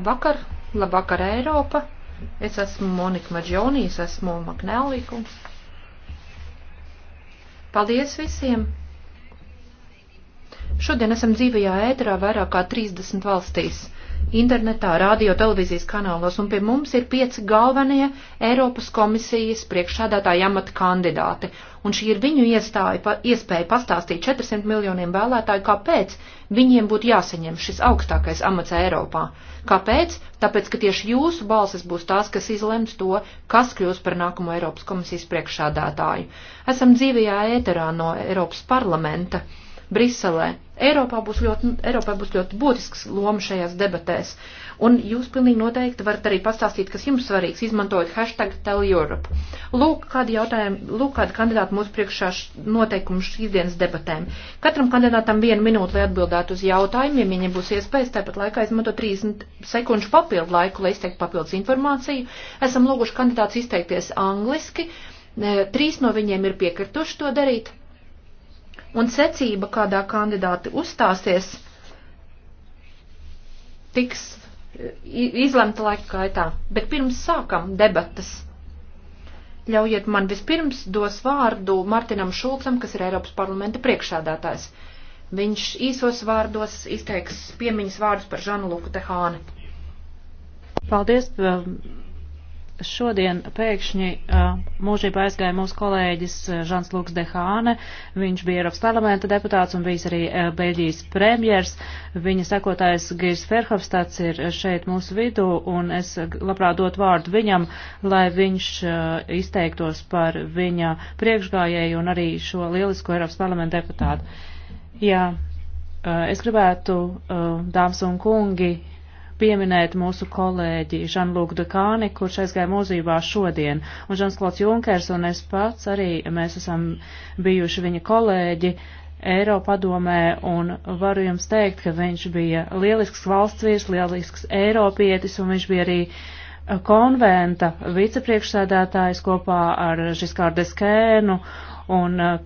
Labvakar, labvakar Eiropa. Es esmu Monika Maģionī, es esmu Maknēlīku. Paldies visiem! Šodien esam dzīvajā ēterā vairāk kā 30 valstīs internetā, radio, televīzijas kanālos, un pie mums ir pieci galvenie Eiropas komisijas priekšsādātāja amata kandidāti. Un šī ir viņu iestāja, pa, iespēja pastāstīt 400 miljoniem vēlētāju, kāpēc viņiem būtu jāsaņem šis augstākais amats Eiropā. Kāpēc? Tāpēc, ka tieši jūsu balsis būs tās, kas izlems to, kas kļūs par nākamo Eiropas komisijas priekšsādātāju. Esam dzīvajā ēterā no Eiropas parlamenta, Briselē Eiropā būs ļoti, Eiropā būs ļoti būtisks loma šajās debatēs. Un jūs pilnīgi noteikti varat arī pastāstīt, kas jums svarīgs, izmantojot hashtag Tell Europe. Lūk, kādi jautājumi, lūk, kādi kandidāti mūsu priekšā noteikumu šīs dienas debatēm. Katram kandidātam vienu minūti, lai atbildētu uz jautājumiem, ja viņam būs iespējas, tāpat laikā izmanto 30 sekundšu papildu laiku, lai izteiktu papildus informāciju. Esam lūguši kandidāts izteikties angliski. Trīs no viņiem ir piekrituši to darīt un secība, kādā kandidāti uzstāsies, tiks izlemta laika gaitā. Bet pirms sākam debatas, ļaujiet man vispirms dos vārdu Martinam Šulcam, kas ir Eiropas parlamenta priekšādātājs. Viņš īsos vārdos izteiks piemiņas vārdus par Žanu Luku Tehāni. Paldies, um, Šodien pēkšņi uh, mūžībā aizgāja mūsu kolēģis Žans Luks Dehāne. Viņš bija Eiropas parlamenta deputāts un bijis arī uh, Beļģijas premjers. Viņa sekotājs Girs Ferhofstads ir šeit mūsu vidū un es labprāt dot vārdu viņam, lai viņš uh, izteiktos par viņa priekšgājēju un arī šo lielisko Eiropas parlamenta deputātu. Jā, uh, es gribētu, uh, dāmas un kungi, pieminēt mūsu kolēģi Žanlūku Dekāni, kurš aizgāja mūzībā šodien. Un Žansklots Junkers un es pats arī mēs esam bijuši viņa kolēģi. Eiropadomē, un varu jums teikt, ka viņš bija lielisks valsts vīrs, lielisks eiropietis, un viņš bija arī eh, konventa vicepriekšsēdētājs kopā ar Žiskārdes Kēnu, un eh,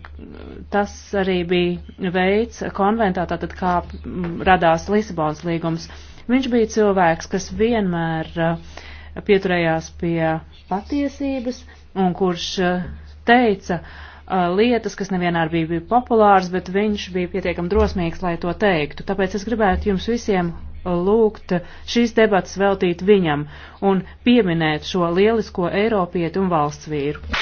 tas arī bija veids konventā, tātad kā mm, radās Lisabonas līgums. Viņš bija cilvēks, kas vienmēr eh, pieturējās pie patiesības un kurš eh, teica eh, lietas, kas nevienmēr bija, bija populāras, bet viņš bija pietiekami drosmīgs, lai to teiktu. Tāpēc es gribētu jums visiem lūgt šīs debatas veltīt viņam un pieminēt šo lielisko Eiropietu un valsts vīru.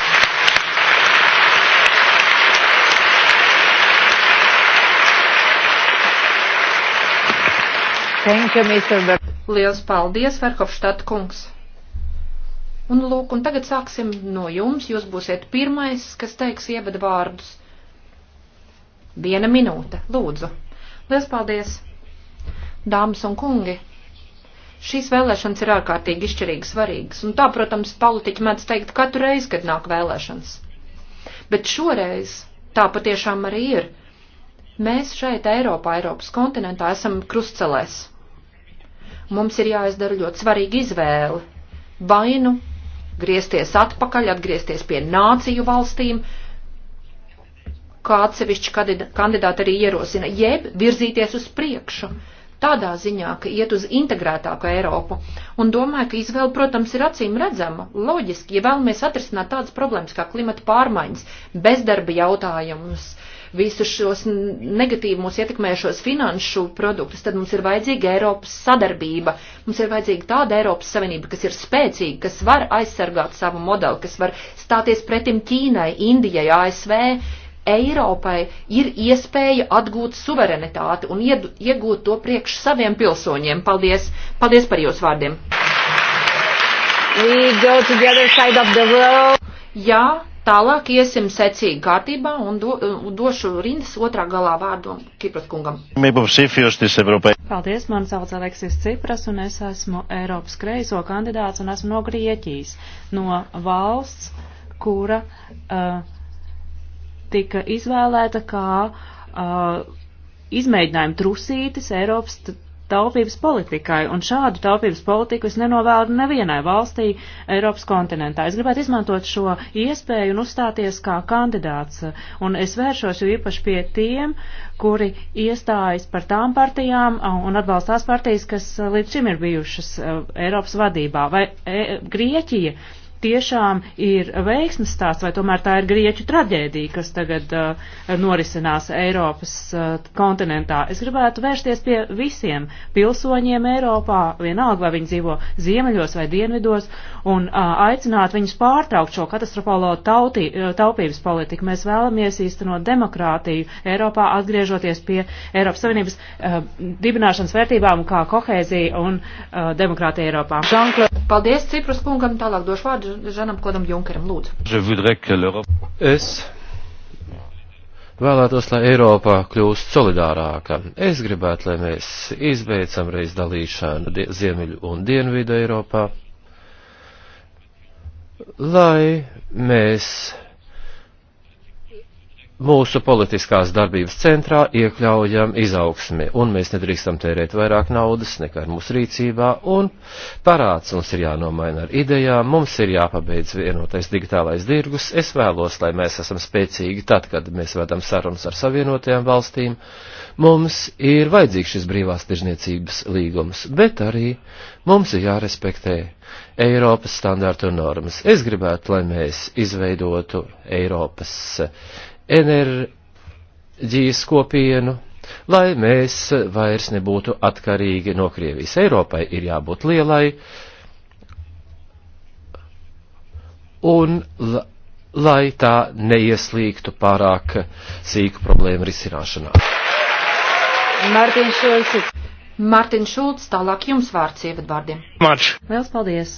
Thank you, Mr. Ber Liels paldies, Verhofstadt kungs. Un lūk, un tagad sāksim no jums. Jūs būsiet pirmais, kas teiks ievada vārdus. Viena minūte, lūdzu. Liels paldies, dāmas un kungi. Šīs vēlēšanas ir ārkārtīgi izšķirīgi svarīgas, un tā, protams, politiķi mēdz teikt katru reizi, kad nāk vēlēšanas. Bet šoreiz tā patiešām arī ir. Mēs šeit, Eiropā, Eiropas kontinentā, esam krustcelēs. Mums ir jāizdara ļoti svarīga izvēle. Vai nu griezties atpakaļ, atgriezties pie nāciju valstīm, kā atsevišķi kandidāti arī ierosina, jeb virzīties uz priekšu. Tādā ziņā, ka iet uz integrētāku Eiropu. Un domāju, ka izvēle, protams, ir acīm redzama. Loģiski, ja vēlamies atrisināt tādas problēmas kā klimata pārmaiņas, bezdarba jautājumus, visus šos negatīvi mūs ietekmējušos finanšu produktus, tad mums ir vajadzīga Eiropas sadarbība. Mums ir vajadzīga tāda Eiropas Savienība, kas ir spēcīga, kas var aizsargāt savu modeli, kas var stāties pretim Ķīnai, Indijai, ASV. Eiropai ir iespēja atgūt suverenitāti un iegūt to priekš saviem pilsoņiem. Paldies! Paldies par jūsu vārdiem! Jā, Tālāk iesim secīgi kārtībā un do, došu rindas otrā galā vārdu Kipras kungam. Paldies, man sauc Aleksis Cipras un es esmu Eiropas kreiso kandidāts un esmu no Grieķijas, no valsts, kura uh, tika izvēlēta kā uh, izmēģinājuma trusītis Eiropas taupības politikai, un šādu taupības politiku es nenovēlu nevienai valstī Eiropas kontinentā. Es gribētu izmantot šo iespēju un uzstāties kā kandidāts, un es vēršos jau īpaši pie tiem, kuri iestājas par tām partijām un atbalstās partijas, kas līdz šim ir bijušas eh, Eiropas vadībā. Vai e Grieķija tiešām ir veiksmes stāsts, vai tomēr tā ir grieķu traģēdija, kas tagad uh, norisinās Eiropas uh, kontinentā. Es gribētu vērsties pie visiem pilsoņiem Eiropā, vienalga, vai viņi dzīvo ziemeļos vai dienvidos, un uh, aicināt viņus pārtraukt šo katastrofālo tautī, uh, taupības politiku. Mēs vēlamies īstenot demokrātiju Eiropā, atgriežoties pie Eiropas Savienības uh, dibināšanas vērtībām kā kohēzija un uh, demokrātija Eiropā. Paldies Ciprus kungam, tālāk došu vārdu Žanam Klodam Junkaram. Lūdzu. Es vēlētos, lai Eiropā kļūst solidārāka. Es gribētu, lai mēs izbeidzam reiz dalīšanu Ziemeļu un Dienvidu Eiropā, lai mēs mūsu politiskās darbības centrā iekļaujam izaugsmi, un mēs nedrīkstam tērēt vairāk naudas nekā ir mūsu rīcībā, un parāds mums ir jānomaina ar idejām, mums ir jāpabeidz vienotais digitālais dirgus. Es vēlos, lai mēs esam spēcīgi tad, kad mēs vedam sarunas ar savienotajām valstīm. Mums ir vajadzīgs šis brīvās tirzniecības līgums, bet arī mums ir jārespektē Eiropas standārtu normas. Es gribētu, lai mēs izveidotu Eiropas enerģijas kopienu, lai mēs vairs nebūtu atkarīgi no Krievijas. Eiropai ir jābūt lielai un lai tā neieslīgtu pārāk sīku problēmu risināšanā. Mārtiņš Šulcs, tālāk jums vārds ievadvārdiem. Mārķis. Liels paldies!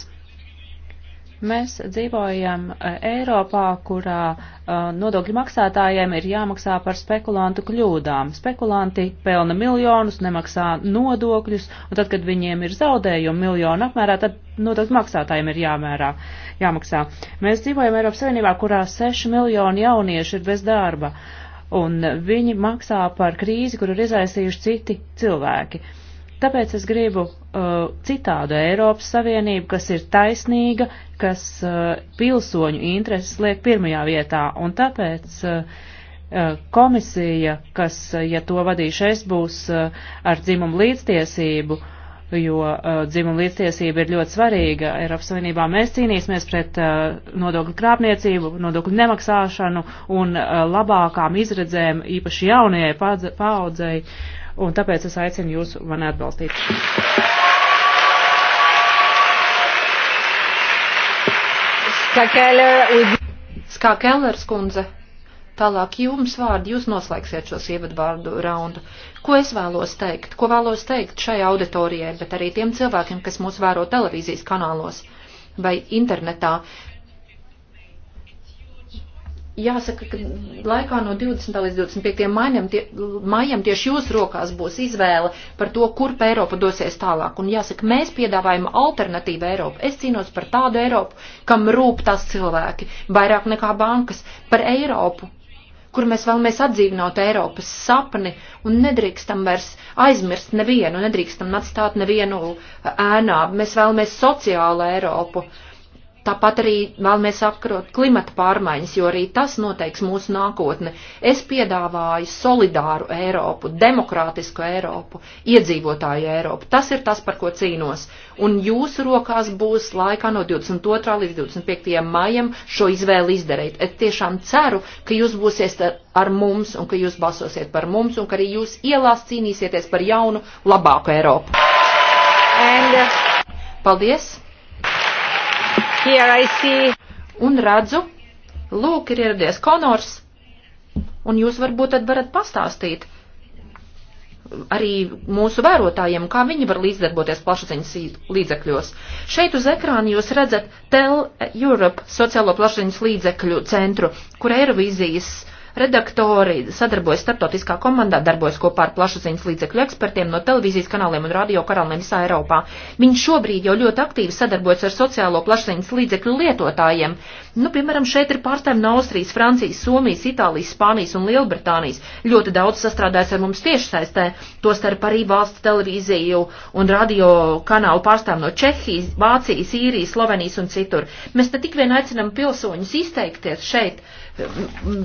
Mēs dzīvojam e, Eiropā, kurā e, nodokļu maksātājiem ir jāmaksā par spekulantu kļūdām. Spekulanti pelna miljonus, nemaksā nodokļus, un tad, kad viņiem ir zaudējumi miljonu apmērā, tad nodokļu maksātājiem ir jāmērā, jāmaksā. Mēs dzīvojam Eiropas Savienībā, kurā 6 miljoni jaunieši ir bez darba, un viņi maksā par krīzi, kur ir izaisījuši citi cilvēki. Uh, Tāpēc es gribu uh, citādu Eiropas Savienību, kas ir taisnīga, kas uh, pilsoņu intereses liek pirmajā vietā. Un tāpēc uh, uh komisija, kas, uh, ja to vadīšu es, būs uh, ar dzimumu līdztiesību, jo uh, dzimumu līdztiesība ir ļoti svarīga. Eiropas Savienībā mēs cīnīsimies pret uh, nodokļu krāpniecību, nodokļu nemaksāšanu un uh, labākām izredzēm, īpaši jaunajai paudzei. Uh, un tāpēc es aicinu jūs mani atbalstīt. Skā Kellers kundze, tālāk jums vārdi, jūs noslēgsiet šos ievadvārdu raundu. Ko es vēlos teikt? Ko vēlos teikt šai auditorijai, bet arī tiem cilvēkiem, kas mūs vēro televīzijas kanālos? vai internetā jāsaka, ka laikā no 20. līdz 25. Maijam, tie, maijam tieši jūsu rokās būs izvēle par to, kurp Eiropa dosies tālāk. Un jāsaka, mēs piedāvājam alternatīvu Eiropu. Es cīnos par tādu Eiropu, kam rūp tās cilvēki, vairāk nekā bankas, par Eiropu, kur mēs vēlamies atdzīvināt Eiropas sapni un nedrīkstam vairs aizmirst nevienu, nedrīkstam atstāt nevienu ēnā. Mēs vēlamies sociālu Eiropu. Uh, Tāpat arī vēlamies apkarot klimata pārmaiņas, jo arī tas noteiks mūsu nākotni. Es piedāvāju solidāru Eiropu, demokrātisku Eiropu, iedzīvotāju Eiropu. Tas ir tas, par ko cīnos. Un jūsu rokās būs laikā no 22. līdz 25. maijam šo izvēli izdarīt. Es tiešām ceru, ka jūs būsiet ar mums un ka jūs balsosiet par mums un ka arī jūs ielās cīnīsieties par jaunu, labāku Eiropu. And, uh... Paldies! Un redzu, lūk, ir ieradies Konors, un jūs varbūt tad varat pastāstīt arī mūsu vērotājiem, kā viņi var līdzdarboties plašsaziņas līdzekļos. Šeit uz ekrāna jūs redzat Tel Europe sociālo plašsaziņas līdzekļu centru, kur Eirovīzijas uh, Redaktori sadarbojas starptautiskā komandā, darbojas kopā ar plašsaziņas līdzekļu ekspertiem no televīzijas kanāliem un radio kanāliem visā Eiropā. Viņi šobrīd jau ļoti aktīvi sadarbojas ar sociālo plašsaziņas līdzekļu lietotājiem, Nu, piemēram, šeit ir pārstāvji no Austrijas, Francijas, Somijas, Itālijas, Spānijas un Lielbritānijas. Ļoti daudz sastrādājas ar mums tiešsaistē, tostarp arī valsts televīziju un radio kanālu pārstāvji no Čehijas, Vācijas, Īrijas, Slovenijas un citur. Mēs te tik vien aicinam pilsoņus izteikties šeit,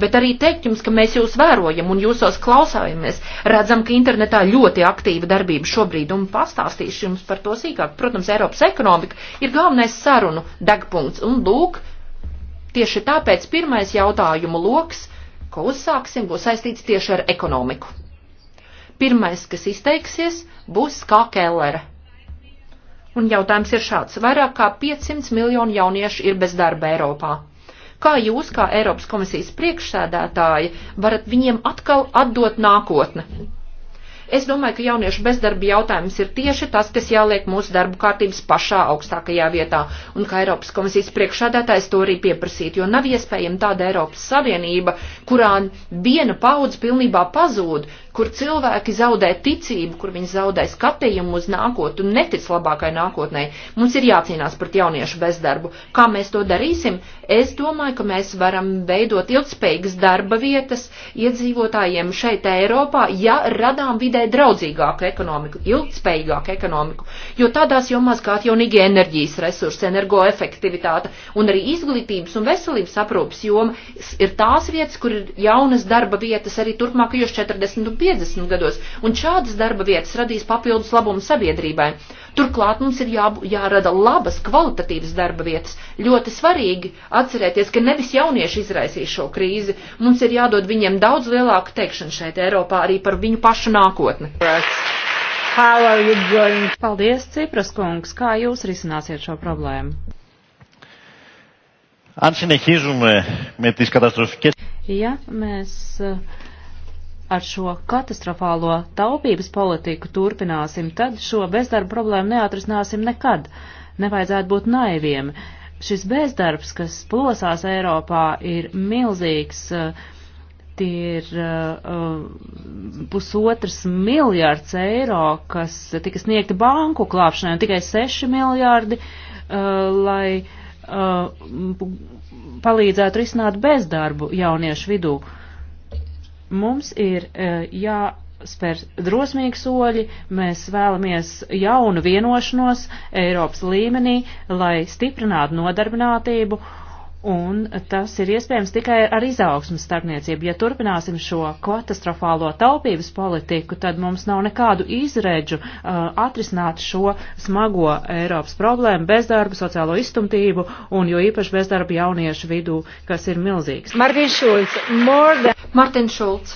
bet arī teikt jums, ka mēs jūs vērojam un jūsos klausājamies. Redzam, ka internetā ļoti aktīva darbība šobrīd un pastāstīšu jums par to sīkāk. Protams, Eiropas ekonomika ir galvenais sarunu degpunkts un lūk, Tieši tāpēc pirmais jautājumu loks, ko uzsāksim, būs saistīts tieši ar ekonomiku. Pirmais, kas izteiksies, būs kā Kellere. Un jautājums ir šāds. Vairāk kā 500 miljonu jauniešu ir bez darba Eiropā. Kā jūs, kā Eiropas komisijas priekšsēdētāji, varat viņiem atkal atdot nākotni? Es domāju, ka jauniešu bezdarba jautājums ir tieši tas, kas jāliek mūsu darbu kārtības pašā augstākajā vietā, un kā Eiropas komisijas priekšādātājs to arī pieprasīt, jo nav iespējama tāda Eiropas Savienība, kurā viena paudze pilnībā pazūd, kur cilvēki zaudē ticību, kur viņi zaudē skatījumu uz nākotni un netic labākai nākotnē. Mums ir jācīnās pret jauniešu bezdarbu. Kā mēs to darīsim? Es domāju, ka mēs varam veidot ilgspējīgas darba vietas iedzīvotājiem šeit Eiropā, ja radām vidē draudzīgāku ekonomiku, ilgspējīgāku ekonomiku, jo tādās jomās kā atjaunīgi enerģijas resursi, energoefektivitāte un arī izglītības un veselības aprūpas joma ir tās vietas, kur ir jaunas darba vietas arī turpmākajos 40 un 50. 50 gados, un šādas darba vietas radīs papildus labumu sabiedrībai. Turklāt mums ir jā, jārada labas, kvalitatīvas darba vietas. Ļoti svarīgi atcerēties, ka nevis jaunieši izraisīs šo krīzi, mums ir jādod viņiem daudz lielāku teikšanu šeit Eiropā arī par viņu pašu nākotni. Paldies, Cipras kungs, kā jūs risināsiet šo problēmu? Αν συνεχίζουμε με τις καταστροφικές... Ja, mēs uh, ar šo katastrofālo taupības politiku turpināsim, tad šo bezdarba problēmu neatrisināsim nekad. Nevajadzētu būt naiviem. Šis bezdarbs, kas plosās Eiropā, ir milzīgs. Eh, tie ir uh, eh, eh, pusotrs miljards eiro, kas tika sniegti banku klāpšanai, un tikai seši miljardi, uh, lai uh, palīdzētu risināt bezdarbu jauniešu vidū. Uh, Mums ir e, jā spēr drosmīgi soļi, mēs vēlamies jaunu vienošanos Eiropas līmenī, lai stiprinātu nodarbinātību Un tas ir iespējams tikai ar izaugsmas starpniecību. Ja turpināsim šo katastrofālo taupības politiku, tad mums nav nekādu izredžu uh, atrisināt šo smago Eiropas problēmu - bezdarbu, sociālo izstumtību un jo īpaši bezdarbu jauniešu vidū, kas ir milzīgs. Martins Šulc, than... Martin Šulc,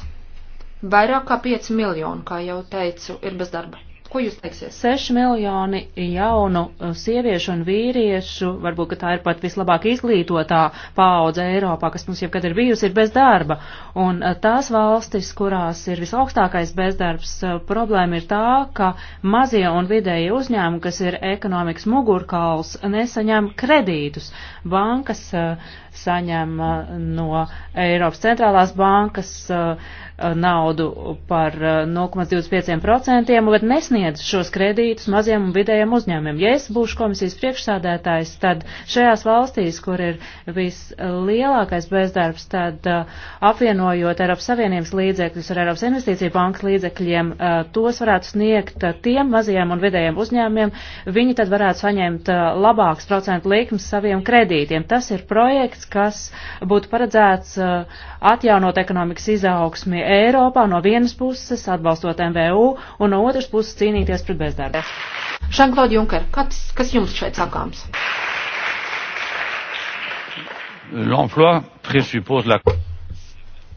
vairāk kā 5 miljonu, kā jau teicu, ir bezdarba. Ko jūs teiksiet? 6 miljoni jaunu uh, sieviešu un vīriešu, varbūt, ka tā ir pat vislabāk izglītotā paudze Eiropā, kas mums jebkad ir bijusi, ir bez darba. Un uh, tās valstis, kurās ir visaugstākais bezdarbs, uh, problēma ir tā, ka mazie un vidēji uzņēmumi, kas ir ekonomikas mugurkauls, nesaņem kredītus. Bankas uh, saņem uh, no Eiropas centrālās bankas uh, naudu par 0,25%, uh, bet nesniedz šos kredītus maziem un vidējiem uzņēmumiem. Ja es būšu komisijas priekšsādētājs, tad šajās valstīs, kur ir vislielākais bezdarbs, tad apvienojot Eiropas Savienības līdzekļus ar Eiropas investīciju bankas līdzekļiem, tos varētu sniegt tiem maziem un vidējiem uzņēmumiem, viņi tad varētu saņemt labāks procentu likums saviem kredītiem. Tas ir projekts, budžets, kas būtu paredzēts uh, atjaunot ekonomikas izaugsmi Eiropā no vienas puses, atbalstot MVU, un no otras puses cīnīties pret bezdarbu. Žanklod Junker, kas, kas jums šeit sakāms? L'emploi présuppose la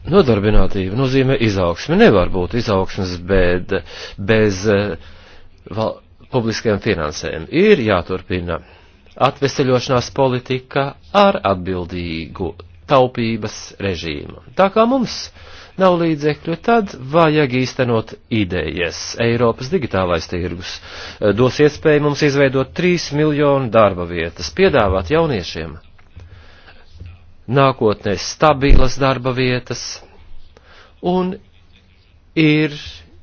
Nodarbinātība nozīmē izaugsmi. Nevar būt izaugsmes bēd, bez eh, val, publiskajām finansēm. Ir jāturpina atveseļošanās politika ar atbildīgu taupības režīmu. Tā kā mums nav līdzekļu, tad vajag īstenot idejas. Eiropas digitālais tirgus eh, dos iespēju mums izveidot 3 miljonu darba vietas, piedāvāt jauniešiem nākotnē stabilas darba vietas un ir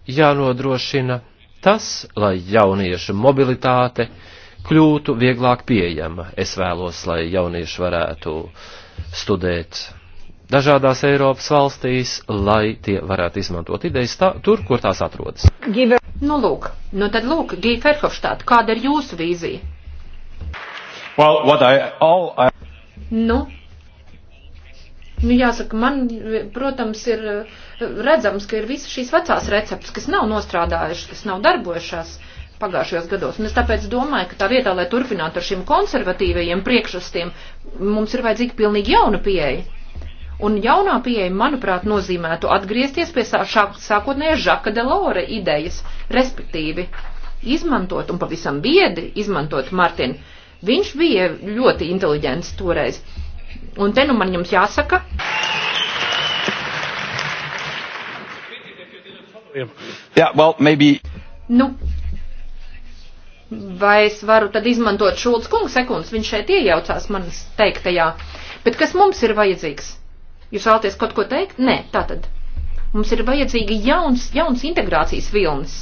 jānodrošina tas, lai jauniešu mobilitāte uh, kļūtu vieglāk pieejama. Es vēlos, lai jaunieši varētu studēt dažādās Eiropas valstīs, lai tie varētu izmantot idejas tā, tur, kur tās atrodas. Giver, nu lūk, nu tad lūk, Gīja Ferhofštāt, kāda ir jūsu vīzija? Well, what I, all I... Nu, Nu, jāsaka, man, protams, ir redzams, ka ir visas šīs vecās receptes, kas nav nostrādājušas, kas nav darbojušās. Uh, pagājušajos gados. Un es tāpēc domāju, ka tā vietā, lai turpinātu ar šiem konservatīvajiem priekšrastiem, mums ir vajadzīga pilnīgi jauna pieeja. Un jaunā pieeja, manuprāt, nozīmētu atgriezties pie sākotnējā Žaka Delora idejas, respektīvi izmantot un pavisam biedi izmantot Martinu. Viņš bija ļoti inteliģents toreiz. Un te nu man jums jāsaka. Yeah, well, maybe... Nu, vai es varu tad izmantot Šulc kungu sekundes, viņš šeit iejaucās manas teiktajā. Bet kas mums ir vajadzīgs? Jūs vēlaties kaut ko teikt? Nē, tātad. Mums ir vajadzīgi jauns, jauns integrācijas vilnis.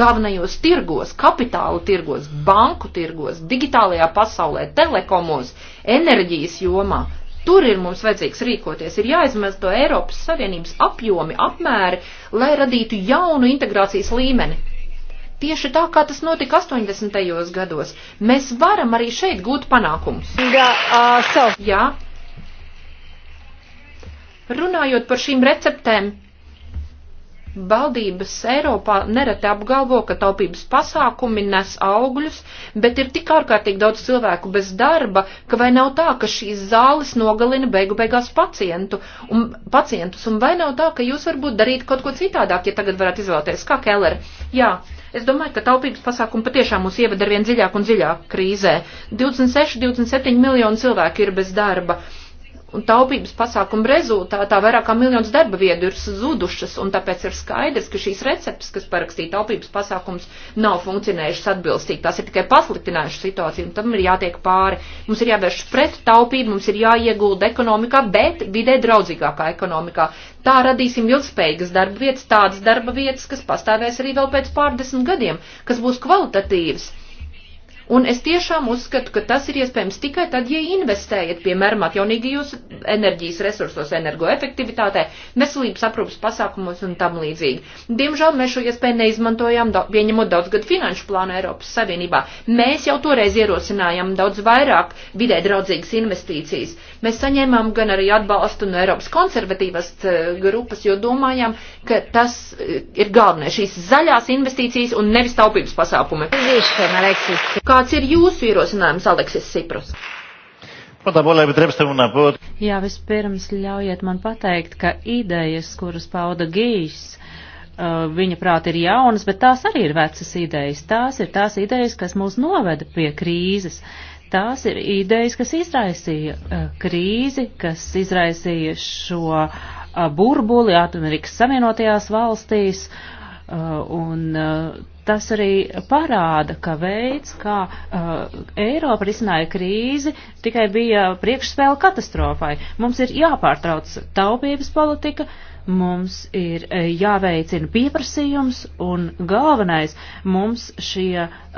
Galvenajos tirgos, kapitāla tirgos, banku tirgos, digitālajā pasaulē, telekomos, enerģijas jomā, Tur ir mums vajadzīgs rīkoties, ir jāizmanto Eiropas Savienības apjomi, apmēri, lai radītu jaunu integrācijas līmeni. Tieši tā, kā tas notika 80. gados, mēs varam arī šeit gūt panākumus. Jā. Runājot par šīm receptēm, Valdības Eiropā nereti apgalvo, ka taupības pasākumi nes augļus, bet ir tik ārkārtīgi daudz cilvēku bez darba, ka vai nav tā, ka šīs zāles nogalina beigu beigās pacientu un pacientus, un vai nav tā, ka jūs varbūt darīt kaut ko citādāk, ja tagad varat izvēlēties, kā Keller. Jā. Uh, Es domāju, ka taupības pasākumi patiešām mūs ieved ar vien dziļāk un dziļāk krīzē. 26, 27 miljoni cilvēku ir bez darba. Uh, Un taupības pasākumu rezultātā vairāk kā miljons darba vietu ir zudušas, un tāpēc ir skaidrs, ka šīs receptes, kas parakstīja taupības pasākums, nav funkcionējušas atbilstīgi. Tās ir tikai pasliktinājušas situāciju, un tam ir jātiek pāri. Mums ir jāvērš pret taupību, mums ir jāiegulda ekonomikā, bet vidē draudzīgākā ekonomikā. Tā radīsim ilgspējīgas darba vietas, tādas darba vietas, kas pastāvēs arī vēl pēc pārdesmit gadiem, kas būs kvalitatīvas Un es tiešām uzskatu, ka tas ir iespējams tikai tad, ja investējat, piemēram, atjaunīgajos enerģijas resursos, energoefektivitātē, veselības aprūpas pasākumos un tam līdzīgi. Diemžēl mēs šo iespēju neizmantojām, da pieņemot daudzgadu finanšu plānu Eiropas Savienībā. Mēs jau toreiz ierosinājām daudz vairāk vidē draudzīgas investīcijas. Mēs saņēmām gan arī atbalstu no Eiropas konservatīvas eh, grupas, jo domājām, ka tas eh, ir galvenais šīs zaļās investīcijas un nevis taupības pasākumi. Kāds ir jūsu ierosinājums, Aleksis Siprus? Jā, vispirms ļaujiet man pateikt, ka idejas, kuras pauda Gīs, eh, viņa prāti ir jaunas, bet tās arī ir vecas idejas. Tās ir tās idejas, kas mūs noveda pie krīzes tās ir idejas, kas izraisīja uh, krīzi, kas izraisīja šo uh, burbuli Amerikas Savienotajās valstīs. Uh, un uh, tas arī parāda, ka veids, kā uh, Eiropa risināja krīzi, tikai bija priekšspēle katastrofai. Mums ir jāpārtrauc taupības politika, mums ir uh, jāveicina pieprasījums un galvenais mums šie uh,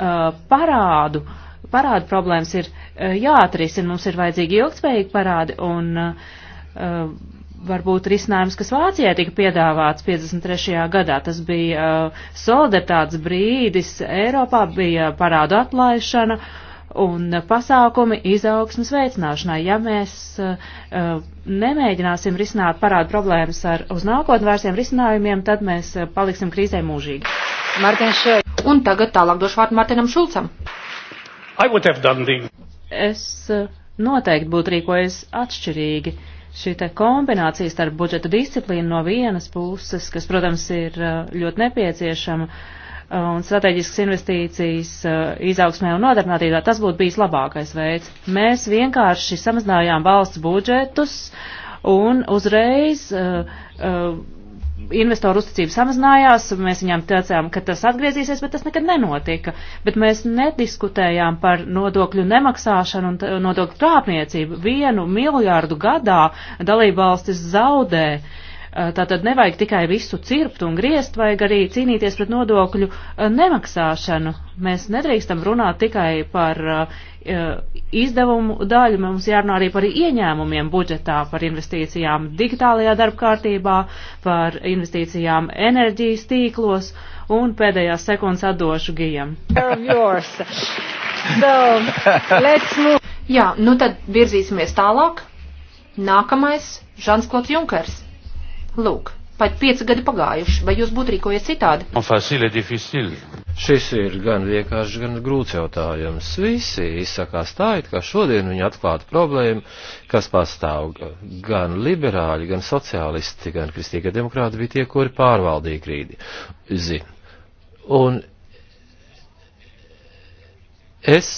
parādu uh, parādu problēmas ir eh, jāatrisina, mums ir vajadzīgi ilgspējīgi parādi un uh, varbūt risinājums, kas Vācijai tika piedāvāts 53. gadā. Tas bija uh, solidaritātes brīdis, Eiropā bija parādu atlaišana un pasākumi izaugsmas veicināšanai. Ja mēs uh, nemēģināsim risināt parādu problēmas ar uz nākotnē vērsiem risinājumiem, tad mēs paliksim krīzē mūžīgi. Un tagad tālāk došu vārdu Martinam Šulcam. Es eh, noteikti būtu rīkojies atšķirīgi. Šī te kombinācija starp budžeta disciplīnu no vienas puses, kas, protams, ir eh, ļoti nepieciešama, eh, un strateģiskas investīcijas izaugsmē un nodarbinātībā, tas būtu bijis labākais veids. Mēs vienkārši samazinājām valsts budžetus un uzreiz uh, uh, investoru uzticība samazinājās, mēs viņām teicām, ka tas atgriezīsies, bet tas nekad nenotika. Bet mēs nediskutējām par nodokļu nemaksāšanu un nodokļu krāpniecību. Vienu miljārdu gadā dalībvalstis zaudē uh, Eh, tātad nevajag tikai visu cirpt un griezt, vajag arī cīnīties pret nodokļu eh, nemaksāšanu. Mēs nedrīkstam runāt tikai par eh, izdevumu daļu, mums jārunā arī par ieņēmumiem budžetā, par investīcijām digitālajā darbkārtībā, par investīcijām enerģijas tīklos un pēdējās sekundes atdošu gijam. Jā, nu tad virzīsimies tālāk. Nākamais - Žans Klots Junkers. Lūk, pat pieci gadi pagājuši, vai jūs būtu rīkojies citādi? Šis ir gan vienkārši, gan grūts jautājums. Visi izsakās tā, it kā šodien viņi atklātu problēmu, kas pastāv. Gan liberāļi, gan sociālisti, gan kristīga demokrāti bija tie, kuri pārvaldīja krīzi. Un es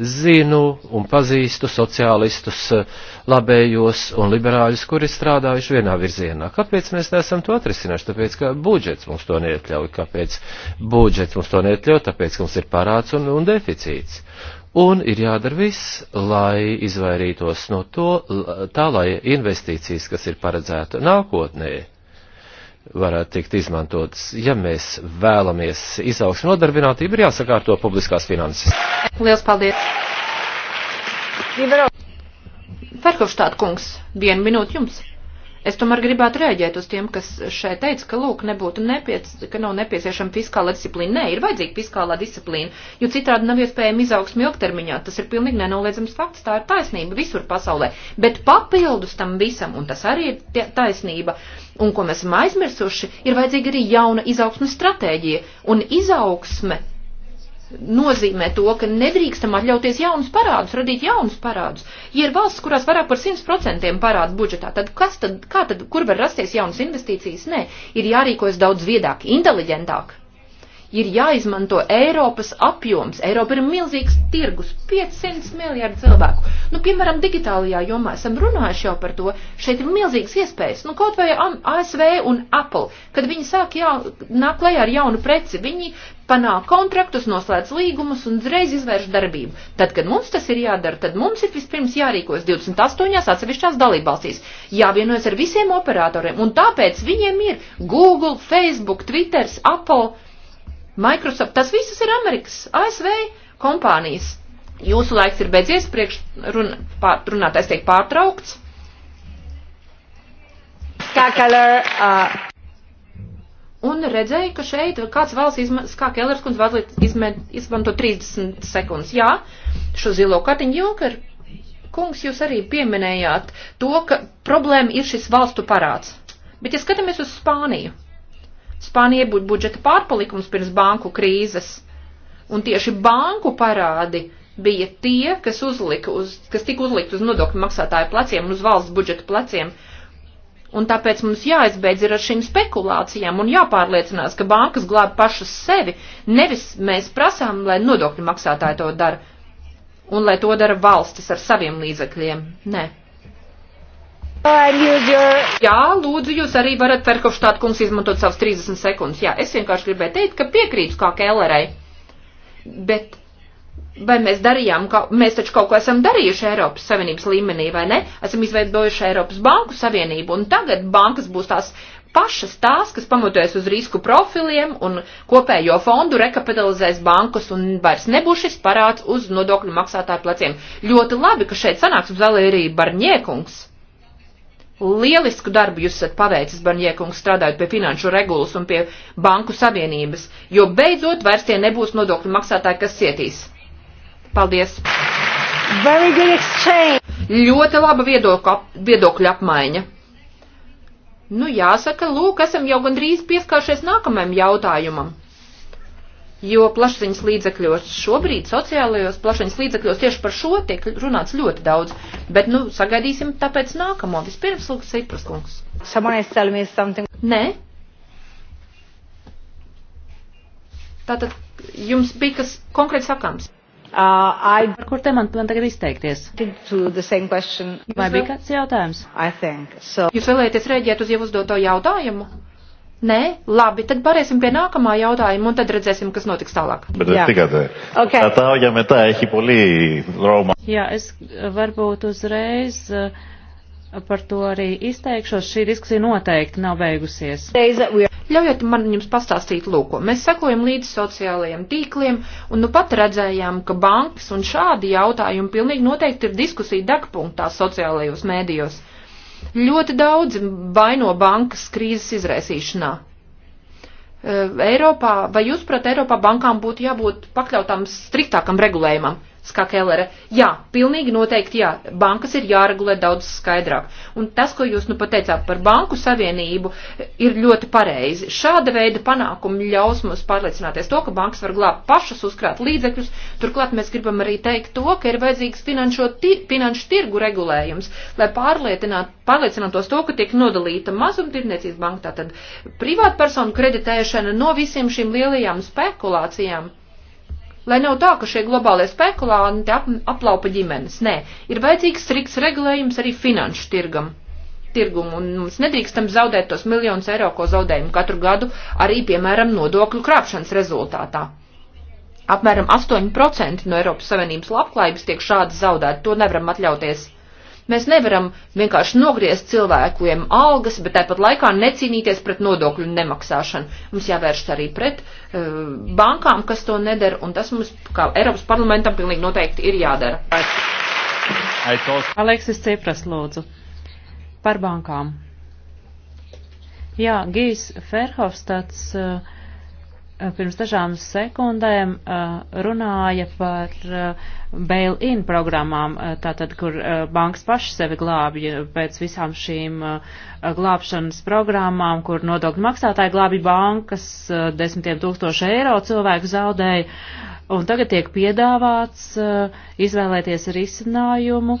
zinu un pazīstu sociālistus, eh, labējos un liberāļus, kuri strādājuši vienā virzienā. Kāpēc mēs neesam to atrisinājuši? Tāpēc, ka budžets mums to neatļauj. Kāpēc budžets mums to neatļauj? Tāpēc, ka mums ir parāds un, un deficīts. Un ir jādara viss, lai izvairītos no to, tā lai investīcijas, kas ir paredzēta nākotnē, varētu tikt izmantotas. Ja mēs vēlamies izaugsmu nodarbinātību, ir jāsakārto publiskās finanses. Lielas paldies! Ferhofštāt kungs, vienu minūti jums. Es tomēr gribētu rēģēt uz tiem, kas šeit teica, ka, lūk, nebūtu nepiec, ka nav nepieciešama fiskālā disciplīna. Nē, ir vajadzīga fiskālā disciplīna, jo citādi nav iespējama izaugsme ilgtermiņā. Tas ir pilnīgi nenoliedzams fakts, tā ir taisnība visur pasaulē. Bet papildus tam visam, un tas arī ir taisnība, uh, un ko mēs esam aizmirsuši, ir vajadzīga arī jauna izaugsmes stratēģija. Un izaugsme nozīmē to, ka nedrīkstam atļauties jaunus parādus, radīt jaunus parādus. Ja ir valsts, kurās vairāk par 100% parādu budžetā, tad kas tad, kā tad, kur var rasties jaunas investīcijas? Nē, ir jārīkojas daudz viedāk, inteliģentāk ir jāizmanto Eiropas apjoms. Eiropa ir milzīgs tirgus, 500 miljārdu cilvēku. Nu, piemēram, digitālajā jomā esam runājuši jau par to. Šeit ir milzīgas iespējas. Nu, kaut vai ASV un Apple, kad viņi sāk jā, nāk klajā ar jaunu preci, viņi panāk kontraktus, noslēdz līgumus un uzreiz izvērš darbību. Tad, kad mums tas ir jādara, tad mums ir vispirms jārīkojas 28 atsevišķās dalībvalstīs, jāvienojas ar visiem operatoriem, un tāpēc viņiem ir Google, Facebook, Twitter, Apple Microsoft, tas visas ir Amerikas, ASV kompānijas. Jūsu laiks ir beidzies, priekš run, pār, runātais tiek pārtraukts. Skakeler. Uh. Un redzēju, ka šeit kāds vēlas izmantot, kā Kellers kundze vēlas izme... izmantot 30 sekundes. Jā, šo zilo kartiņu jokeru. Kungs, jūs arī pieminējāt to, ka problēma ir šis valstu parāds. Bet ja skatāmies uz Spāniju, Spānijai būtu budžeta pārpalikums pirms banku krīzes. Un tieši banku parādi bija tie, kas, uzlika uz, kas tika uzlikt uz nodokļu maksātāju pleciem, uz valsts budžeta pleciem. Un tāpēc mums jāizbeidz ir ar šīm spekulācijām un jāpārliecinās, ka bankas glāb pašas sevi, nevis mēs prasām, lai nodokļu maksātāji to dara un lai to dara valstis ar saviem līdzekļiem. Nē. Oh, Jā, lūdzu, jūs arī varat, Ferkovštāt kungs, izmantot savus 30 sekundes. Jā, es vienkārši gribēju teikt, ka piekrītu kā Kellerai. Bet vai mēs darījām, ka, mēs taču kaut ko esam darījuši Eiropas Savienības līmenī, vai ne? Esam izveidojuši Eiropas Banku Savienību, un tagad bankas būs tās pašas tās, kas pamatojas uz risku profiliem un kopējo fondu rekapitalizēs bankas un vairs nebūs šis parāds uz nodokļu maksātāju pleciem. Ļoti labi, ka šeit sanāks uz zālē arī Barņiekungs Lielisku darbu jūs esat paveicis, Barņiekungs, strādājot pie finanšu regulas un pie banku savienības, jo beidzot vairs tie nebūs nodokļu maksātāji, kas cietīs. Paldies! Ļoti laba viedokļa, viedokļa apmaiņa. Nu, jāsaka, lūk, esam jau gandrīz pieskāršies nākamajam jautājumam jo plašsaziņas līdzekļos šobrīd, sociālajos plašsaziņas līdzekļos tieši par šo tiek runāts ļoti daudz, bet, nu, sagaidīsim tāpēc nākamo. Vispirms, lūk, Sipras kungs. Nē? Tātad jums bija kas konkrēti sakāms? Uh, I... Par kur te man, man tagad izteikties? Vai bija kāds jautājums? So. Jūs vēlēties rēģēt uz jau uzdoto jautājumu? Nē, labi, tad pāriesim pie nākamā jautājuma un tad redzēsim, kas notiks tālāk. Bet Jā. tikate, okay. tā jau metā ehi polī Roma. Jā, es varbūt uzreiz eh, par to arī izteikšos. Šī diskusija noteikti nav beigusies. Ļaujiet man jums pastāstīt lūko. Mēs sekojam līdz sociālajiem tīkliem un nu pat redzējām, ka bankas un šādi jautājumi pilnīgi noteikti ir diskusija dagpunktā sociālajos mēdījos Ļoti daudzi vaino bankas krīzes izraisīšanā. Eiropā, vai jūs, prāt, Eiropā bankām būtu jābūt pakļautām striktākam regulējumam? Skā Kellere. Jā, pilnīgi noteikti jā. Bankas ir jāregulē daudz skaidrāk. Un tas, ko jūs nu pateicāt par banku savienību, ir ļoti pareizi. Šāda veida panākumi ļaus mums pārliecināties to, ka bankas var glābt pašas, uzkrāt līdzekļus. Turklāt mēs gribam arī teikt to, ka ir vajadzīgs finanšu, tir, finanšu tirgu regulējums, lai pārliecinātos to, ka tiek nodalīta mazumtirdzniecības banka, tātad privātpersonu kreditēšana no visiem šīm lielajām spekulācijām Lai nav tā, ka šie globālie spekulanti ap, aplaupa ģimenes. Nē, ir vajadzīgs strikts regulējums arī finanšu tirgam. Tirgumu, un mums nedrīkstam zaudēt tos miljonus eiro, ko zaudējam katru gadu, arī, piemēram, nodokļu krāpšanas rezultātā. Apmēram 8% no Eiropas Savienības labklājības tiek šādi zaudēti, to nevaram atļauties. Mēs nevaram vienkārši nogriezt cilvēkiem algas, bet tāpat laikā necīnīties pret nodokļu nemaksāšanu. Mums jāvēršas arī pret uh, bankām, kas to nedara, un tas mums, kā Eiropas parlamentam, pilnīgi noteikti ir jādara. Aleksis Cipras, lūdzu. Par bankām. Jā, Gijs Ferhofstads. Uh, pirms dažām sekundēm uh, runāja par uh, bail-in programmām, uh, tātad, kur bankas paši sevi glābja pēc visām šīm glābšanas programmām, kur nodokļu maksātāji glābja bankas, desmitiem tūkstoši eiro cilvēku zaudēja, un tagad tiek piedāvāts izvēlēties risinājumu,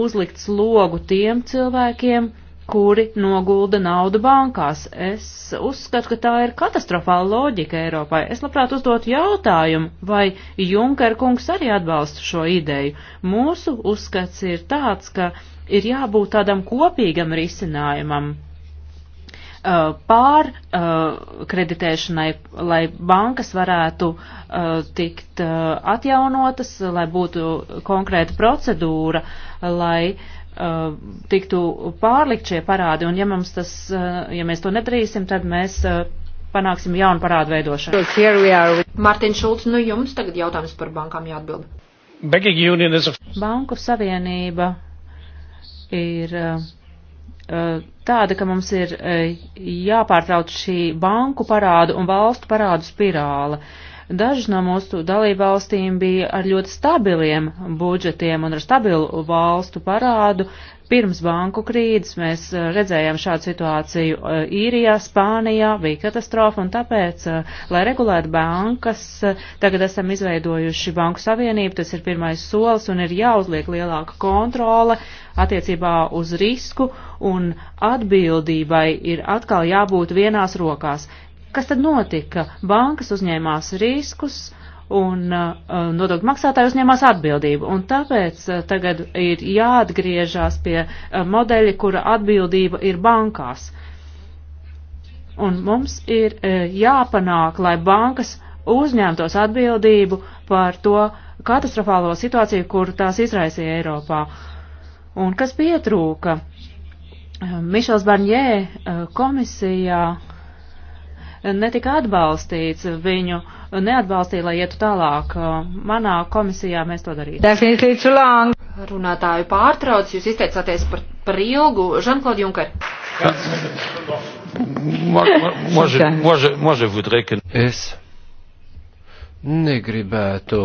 uzlikt slogu tiem cilvēkiem, kuri nogulda naudu bankās. Es uzskatu, ka tā ir katastrofāla loģika Eiropai. Es labprāt uzdot jautājumu, vai Junker kungs arī atbalsta šo ideju. Mūsu uzskats ir tāds, ka ir jābūt tādam kopīgam risinājumam uh, pārkreditēšanai, uh, lai bankas varētu uh, tikt atjaunotas, lai būtu konkrēta procedūra, lai Uh, tiktu pārlikt šie parādi, un ja mums tas, uh, ja mēs to nedarīsim, tad mēs uh, panāksim jaunu parādu veidošanu. Mārtiņ Šulc, nu jums tagad jautājums par bankām jāatbild. Banku savienība ir tāda, ka mums ir jāpārtrauc šī banku parādu un valstu parādu spirāla. Uh, Dažas no mūsu dalībvalstīm bija ar ļoti stabiliem budžetiem un ar stabilu valstu parādu. Pirms banku krīzes mēs eh, redzējām šādu situāciju eh, īrijā, Spānijā, bija katastrofa, un tāpēc, eh, lai regulētu bankas, tagad esam izveidojuši banku savienību, tas ir pirmais solis un ir jāuzliek lielāka kontrole attiecībā uz risku, un atbildībai ir atkal jābūt vienās rokās. Kas tad notika? Bankas uzņēmās riskus un uh, nodokļu maksātāji uzņēmās atbildību. Un tāpēc uh, tagad ir jāatgriežās pie uh, modeļa, kura atbildība ir bankās. Un mums ir uh, jāpanāk, lai bankas uzņemtos atbildību par to katastrofālo situāciju, kur tās izraisīja Eiropā. Un kas pietrūka? Uh, Mišels Barņē uh, komisijā netika atbalstīts, viņu neatbalstīja, lai ietu tālāk. Manā komisijā mēs to darījām. Runātāju pārtrauc, jūs izteicāties par, par ilgu. Žanklod Junker. Es negribētu,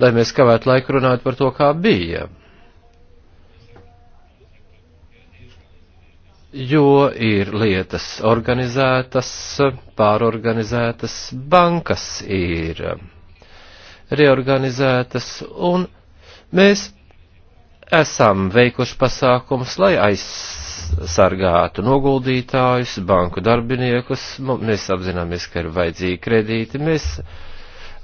lai mēs kavētu laiku runāt par to, kā bija. jo ir lietas organizētas, pārorganizētas, bankas ir reorganizētas, un mēs esam veikuši pasākums, lai aizsargātu noguldītājus, banku darbiniekus, mēs apzināmies, ka ir vajadzīgi kredīti, mēs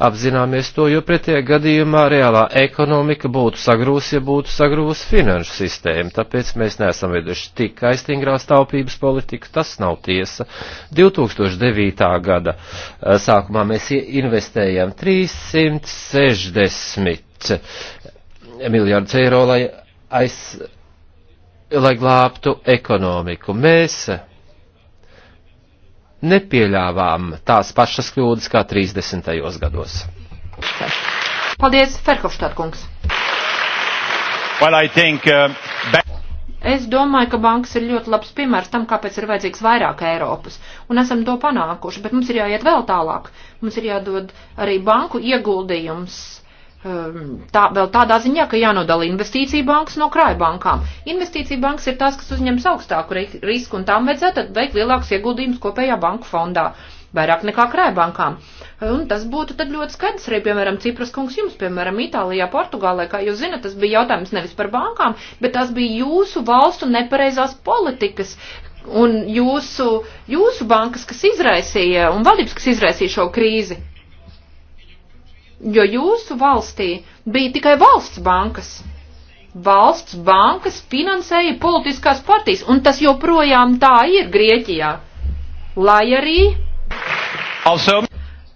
apzināmies to, jo pretējā gadījumā reālā ekonomika būtu sagrūs, ja būtu sagrūs finanšu sistēma. Tāpēc mēs neesam veduši tikai stingrā staupības politiku, tas nav tiesa. 2009. gada eh, sākumā mēs investējam 360 miljārdus eiro, lai aiz lai glābtu ekonomiku. Mēs nepieļāvām tās pašas kļūdas kā 30. gados. Paldies, Ferhofstad kungs. Well, I think, uh, back... Es domāju, ka bankas ir ļoti labs piemērs tam, kāpēc ir vajadzīgs vairāk Eiropas. Un esam to panākuši, bet mums ir jāiet vēl tālāk. Mums ir jādod arī banku ieguldījums Um, tā, vēl tādā ziņā, ka jānodala investīcija bankas no krājbankām. Investīcija bankas ir tās, kas uzņems augstāku risku un tām vajadzētu veikt lielākus ieguldījumus kopējā banku fondā. Vairāk nekā krājbankām. Un tas būtu tad ļoti skaidrs arī, piemēram, Cipras kungs jums, piemēram, Itālijā, Portugālē, kā jūs zinat, tas bija jautājums nevis par bankām, bet tas bija jūsu valstu nepareizās politikas, un jūsu, jūsu bankas, kas izraisīja, un valdības, kas izraisīja šo krīzi jo jūsu valstī bija tikai valsts bankas. Valsts bankas finansēja politiskās partijas, un tas joprojām tā ir Grieķijā. Lai arī. Also.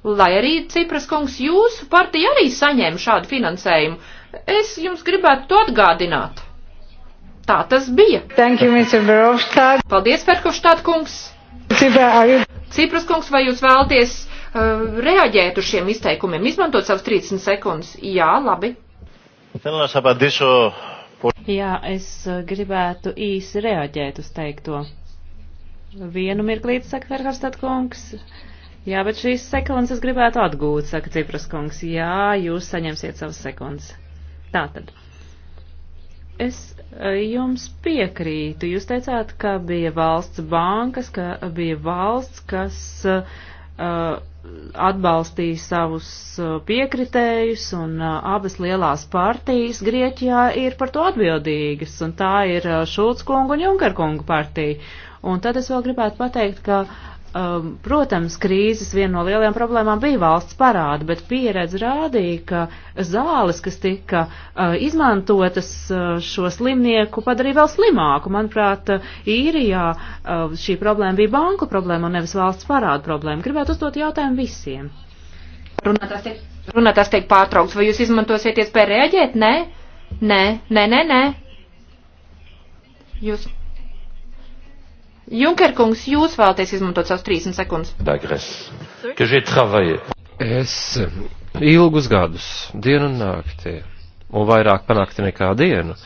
Lai arī Cipras kungs jūsu partija arī saņēma šādu finansējumu, es jums gribētu to atgādināt. Tā tas bija. Thank you, Mr. Verhofstadt. Paldies, Verhofstadt kungs. Cipra, you... Cipras kungs, vai jūs vēlaties Eh, reaģēt uz šiem izteikumiem, izmantot savus 30 sekundes. Jā, labi. Jā, es eh, gribētu īsi reaģēt uz teikto. Vienu mirklīti, saka Ferharstad kungs. Jā, bet šīs sekundes es gribētu atgūt, saka Cipras kungs. Jā, jūs saņemsiet savas sekundes. Tātad. Es eh, jums piekrītu. Jūs teicāt, ka bija valsts bankas, ka bija valsts, kas uh, atbalstīja savus uh, piekritējus, un uh, abas lielās partijas Grieķijā ir par to atbildīgas, un tā ir uh, Šulc kungu un Junker kungu partija. Un tad es vēl gribētu pateikt, ka um, protams, krīzes viena no lielajām problēmām bija valsts parāda, bet pieredze rādīja, ka zāles, kas tika uh, izmantotas uh, šo slimnieku, padarīja vēl slimāku. Manuprāt, uh, īrijā uh, šī problēma bija banku problēma un nevis valsts parāda problēma. Gribētu uzdot jautājumu visiem. Runātās tiek, runātās tiek pārtraukts. Vai jūs izmantosiet iespēju rēģēt? Nē, nē, nē, nē. nē. Jūs Junkerkungs, jūs vēlaties izmantot savus 30 sekundes. Dagres, ka j'ai travaillé. Es ilgus gadus, dienu un naktī, un vairāk panākti nekā dienu,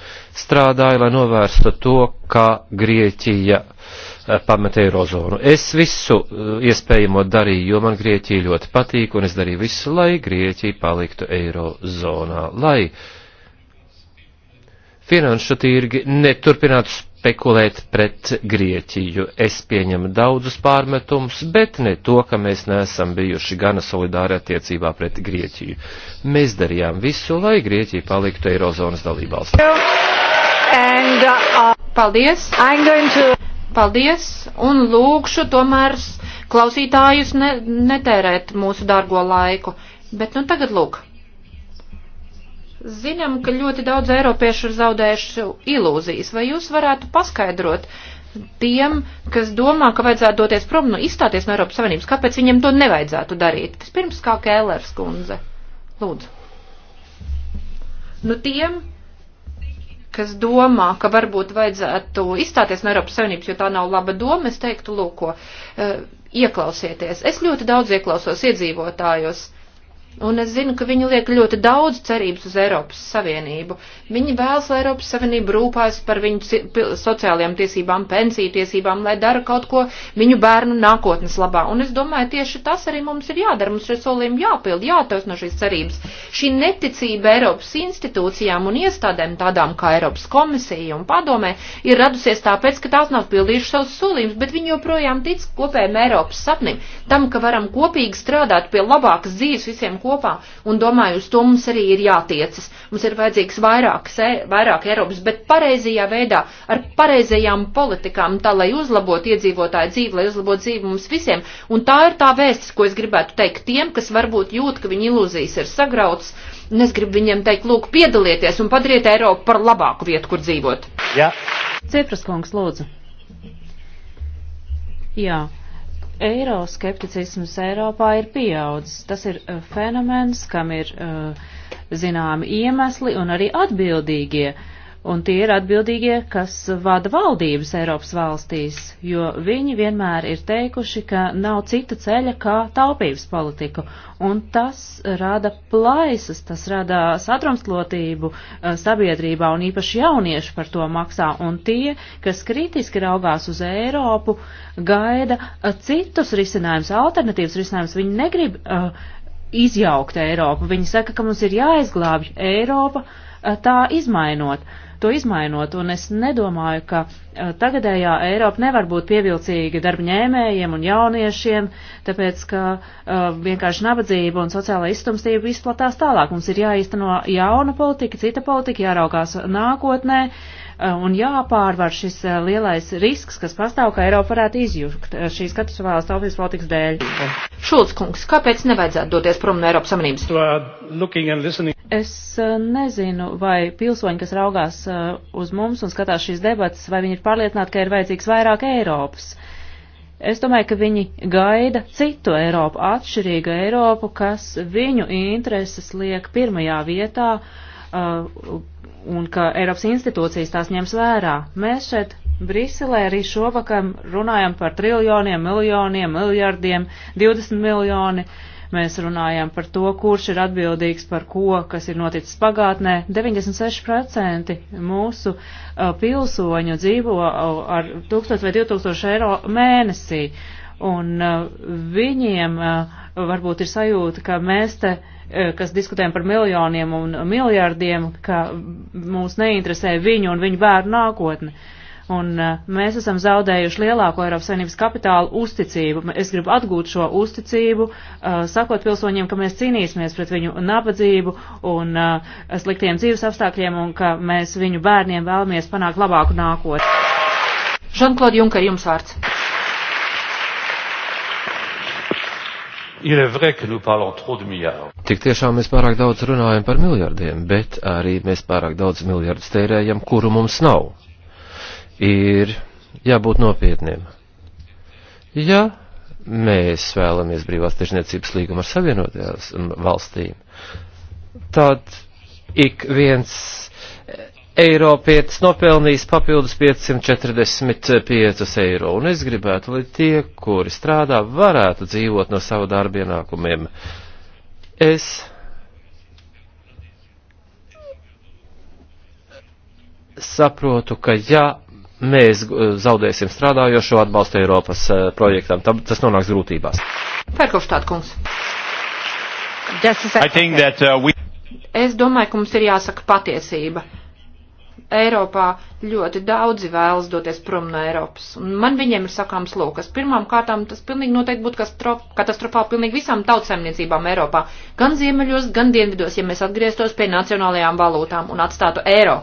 strādāju, lai novērstu to, ka Grieķija eh, pamet eirozonu. Es visu eh, iespējamo darīju, jo man Grieķija ļoti patīk, un es darīju visu, lai Grieķija paliktu eirozonā, lai finanšu tirgi neturpinātu spekulēt pret Grieķiju. Es pieņemu daudzus pārmetumus, bet ne to, ka mēs neesam bijuši gana solidāri attiecībā pret Grieķiju. Mēs darījām visu, lai Grieķija paliktu Eirozonas dalībvalsts. Uh, paldies! To... Paldies! Un lūkšu tomēr klausītājus ne, netērēt mūsu dārgo laiku. Bet nu tagad lūk. Zinām, ka ļoti daudz eiropiešu ir zaudējuši ilūzijas. Vai jūs varētu paskaidrot tiem, kas domā, ka vajadzētu doties prom, nu, izstāties no Eiropas Savienības, kāpēc viņiem to nevajadzētu darīt? Tas pirms kā Kēlers kundze. Lūdzu. Nu, tiem, kas domā, ka varbūt vajadzētu izstāties no Eiropas Savienības, jo tā nav laba doma, es teiktu, lūko, eh, ieklausieties. Es ļoti daudz ieklausos iedzīvotājos Un es zinu, ka viņi liek ļoti daudz cerības uz Eiropas Savienību. Viņi vēlas, lai Eiropas Savienība rūpās par viņu sociālajām tiesībām, pensiju tiesībām, lai dara kaut ko viņu bērnu nākotnes labā. Un es domāju, tieši tas arī mums ir jādara. Mums šie solījumi jāpild, jātaus no šīs cerības. Šī neticība Eiropas institūcijām un iestādēm, tādām kā Eiropas komisija un padomē, ir radusies tāpēc, ka tās nav pildījušas savus solījumus, bet viņi joprojām tic kopējiem Eiropas sapnim, tam, ka varam kopīgi strādāt pie labākas dzīves visiem kopā, un domāju, uz to mums arī ir jātiecas. Mums ir vajadzīgs vairāk, vairāk Eiropas, bet pareizajā veidā, ar pareizajām politikām, tā lai uzlabotu iedzīvotāju dzīvi, lai uzlabotu dzīvi mums visiem, un tā ir tā vēstis, ko es gribētu teikt tiem, kas varbūt jūt, ka viņu ilūzijas ir sagrautas, un es gribu viņiem teikt, lūk, piedalieties un padariet Eiropu par labāku vietu, kur dzīvot. Jā. Cipras kungs, lūdzu. Jā. Eiroskepticisms Eiropā ir pieaudzis. Tas ir eh, fenomens, kam ir eh, zināmi iemesli un arī atbildīgie un tie ir atbildīgie, kas vada valdības Eiropas valstīs, jo viņi vienmēr ir teikuši, ka nav cita ceļa kā taupības politiku, un tas rada plaisas, tas rada sadrumstlotību eh, sabiedrībā, un īpaši jaunieši par to maksā, un tie, kas kritiski raugās uz Eiropu, gaida eh, citus risinājumus, alternatīvas risinājumus, viņi negrib uh, izjaukt Eiropu, viņi saka, ka mums ir jāizglābj Eiropa, uh, tā izmainot. Uh, to izmainot, un es nedomāju, ka tagadējā Eiropa nevar būt pievilcīga darbņēmējiem un jauniešiem, tāpēc, ka uh, vienkārši nabadzība un sociālā izstumstība izplatās tālāk. Mums ir jāizteno jauna politika, cita politika, jāraugās nākotnē, uh, Eh, un jāpārvar šis eh, lielais risks, kas pastāv, ka Eiropa varētu izjukt eh, šīs katastrofālās taupības politikas dēļ. Šulc kungs, kāpēc nevajadzētu doties prom no Eiropas Savienības? Es nezinu, vai pilsoņi, kas raugās uz mums un skatās šīs debatas, vai viņi ir pārliecināti, ka ir vajadzīgs vairāk Eiropas. Es domāju, ka viņi gaida citu Eiropu, atšķirīgu Eiropu, kas viņu intereses liek pirmajā vietā, uh, un ka Eiropas institūcijas tās ņems vērā. Mēs šeit Briselē arī šovakar runājam par triljoniem, miljoniem, miljardiem, 20 miljoni. Mēs runājam par to, kurš ir atbildīgs par ko, kas ir noticis pagātnē. 96% mūsu uh, pilsoņu dzīvo uh, ar 1000 vai 2000 eiro mēnesī. Un uh, viņiem uh, varbūt ir sajūta, ka mēs te uh, Eh, kas diskutējam par miljoniem un miljārdiem, ka mūs neinteresē viņu un viņu bērnu nākotne. Un eh, mēs esam zaudējuši lielāko Eiropas Savienības kapitālu uzticību. Es gribu atgūt šo uzticību, eh, sakot pilsoņiem, ka mēs cīnīsimies pret viņu nabadzību un sliktiem dzīves apstākļiem un ka mēs viņu bērniem vēlamies panākt labāku nākotni. Žanklod Junker, jums vārds. Tik tiešām mēs pārāk daudz runājam par miljardiem, bet arī mēs pārāk daudz miljardus tērējam, kuru mums nav. Ir jābūt nopietniem. Ja mēs vēlamies brīvās tiešniecības līgumu ar savienotajās valstīm, tad ik viens Eiropietis nopelnīs papildus 545 eiro, un es gribētu, lai tie, kuri strādā, varētu dzīvot no savu darbu ienākumiem. Es saprotu, ka ja mēs uh, zaudēsim strādājošo atbalstu Eiropas uh, projektam, tad tas nonāks grūtībās. Ferhofstāt kungs. That, uh, we... Es domāju, ka mums ir jāsaka patiesība. Eiropā ļoti daudzi vēlas doties prom no Eiropas. Un man viņiem ir sakāms lūkas. Pirmām kārtām tas pilnīgi noteikti būtu katastrofāli pilnīgi visām tautsēmniecībām Eiropā. Gan ziemeļos, gan dienvidos, ja mēs atgrieztos pie nacionālajām valūtām un atstātu eiro.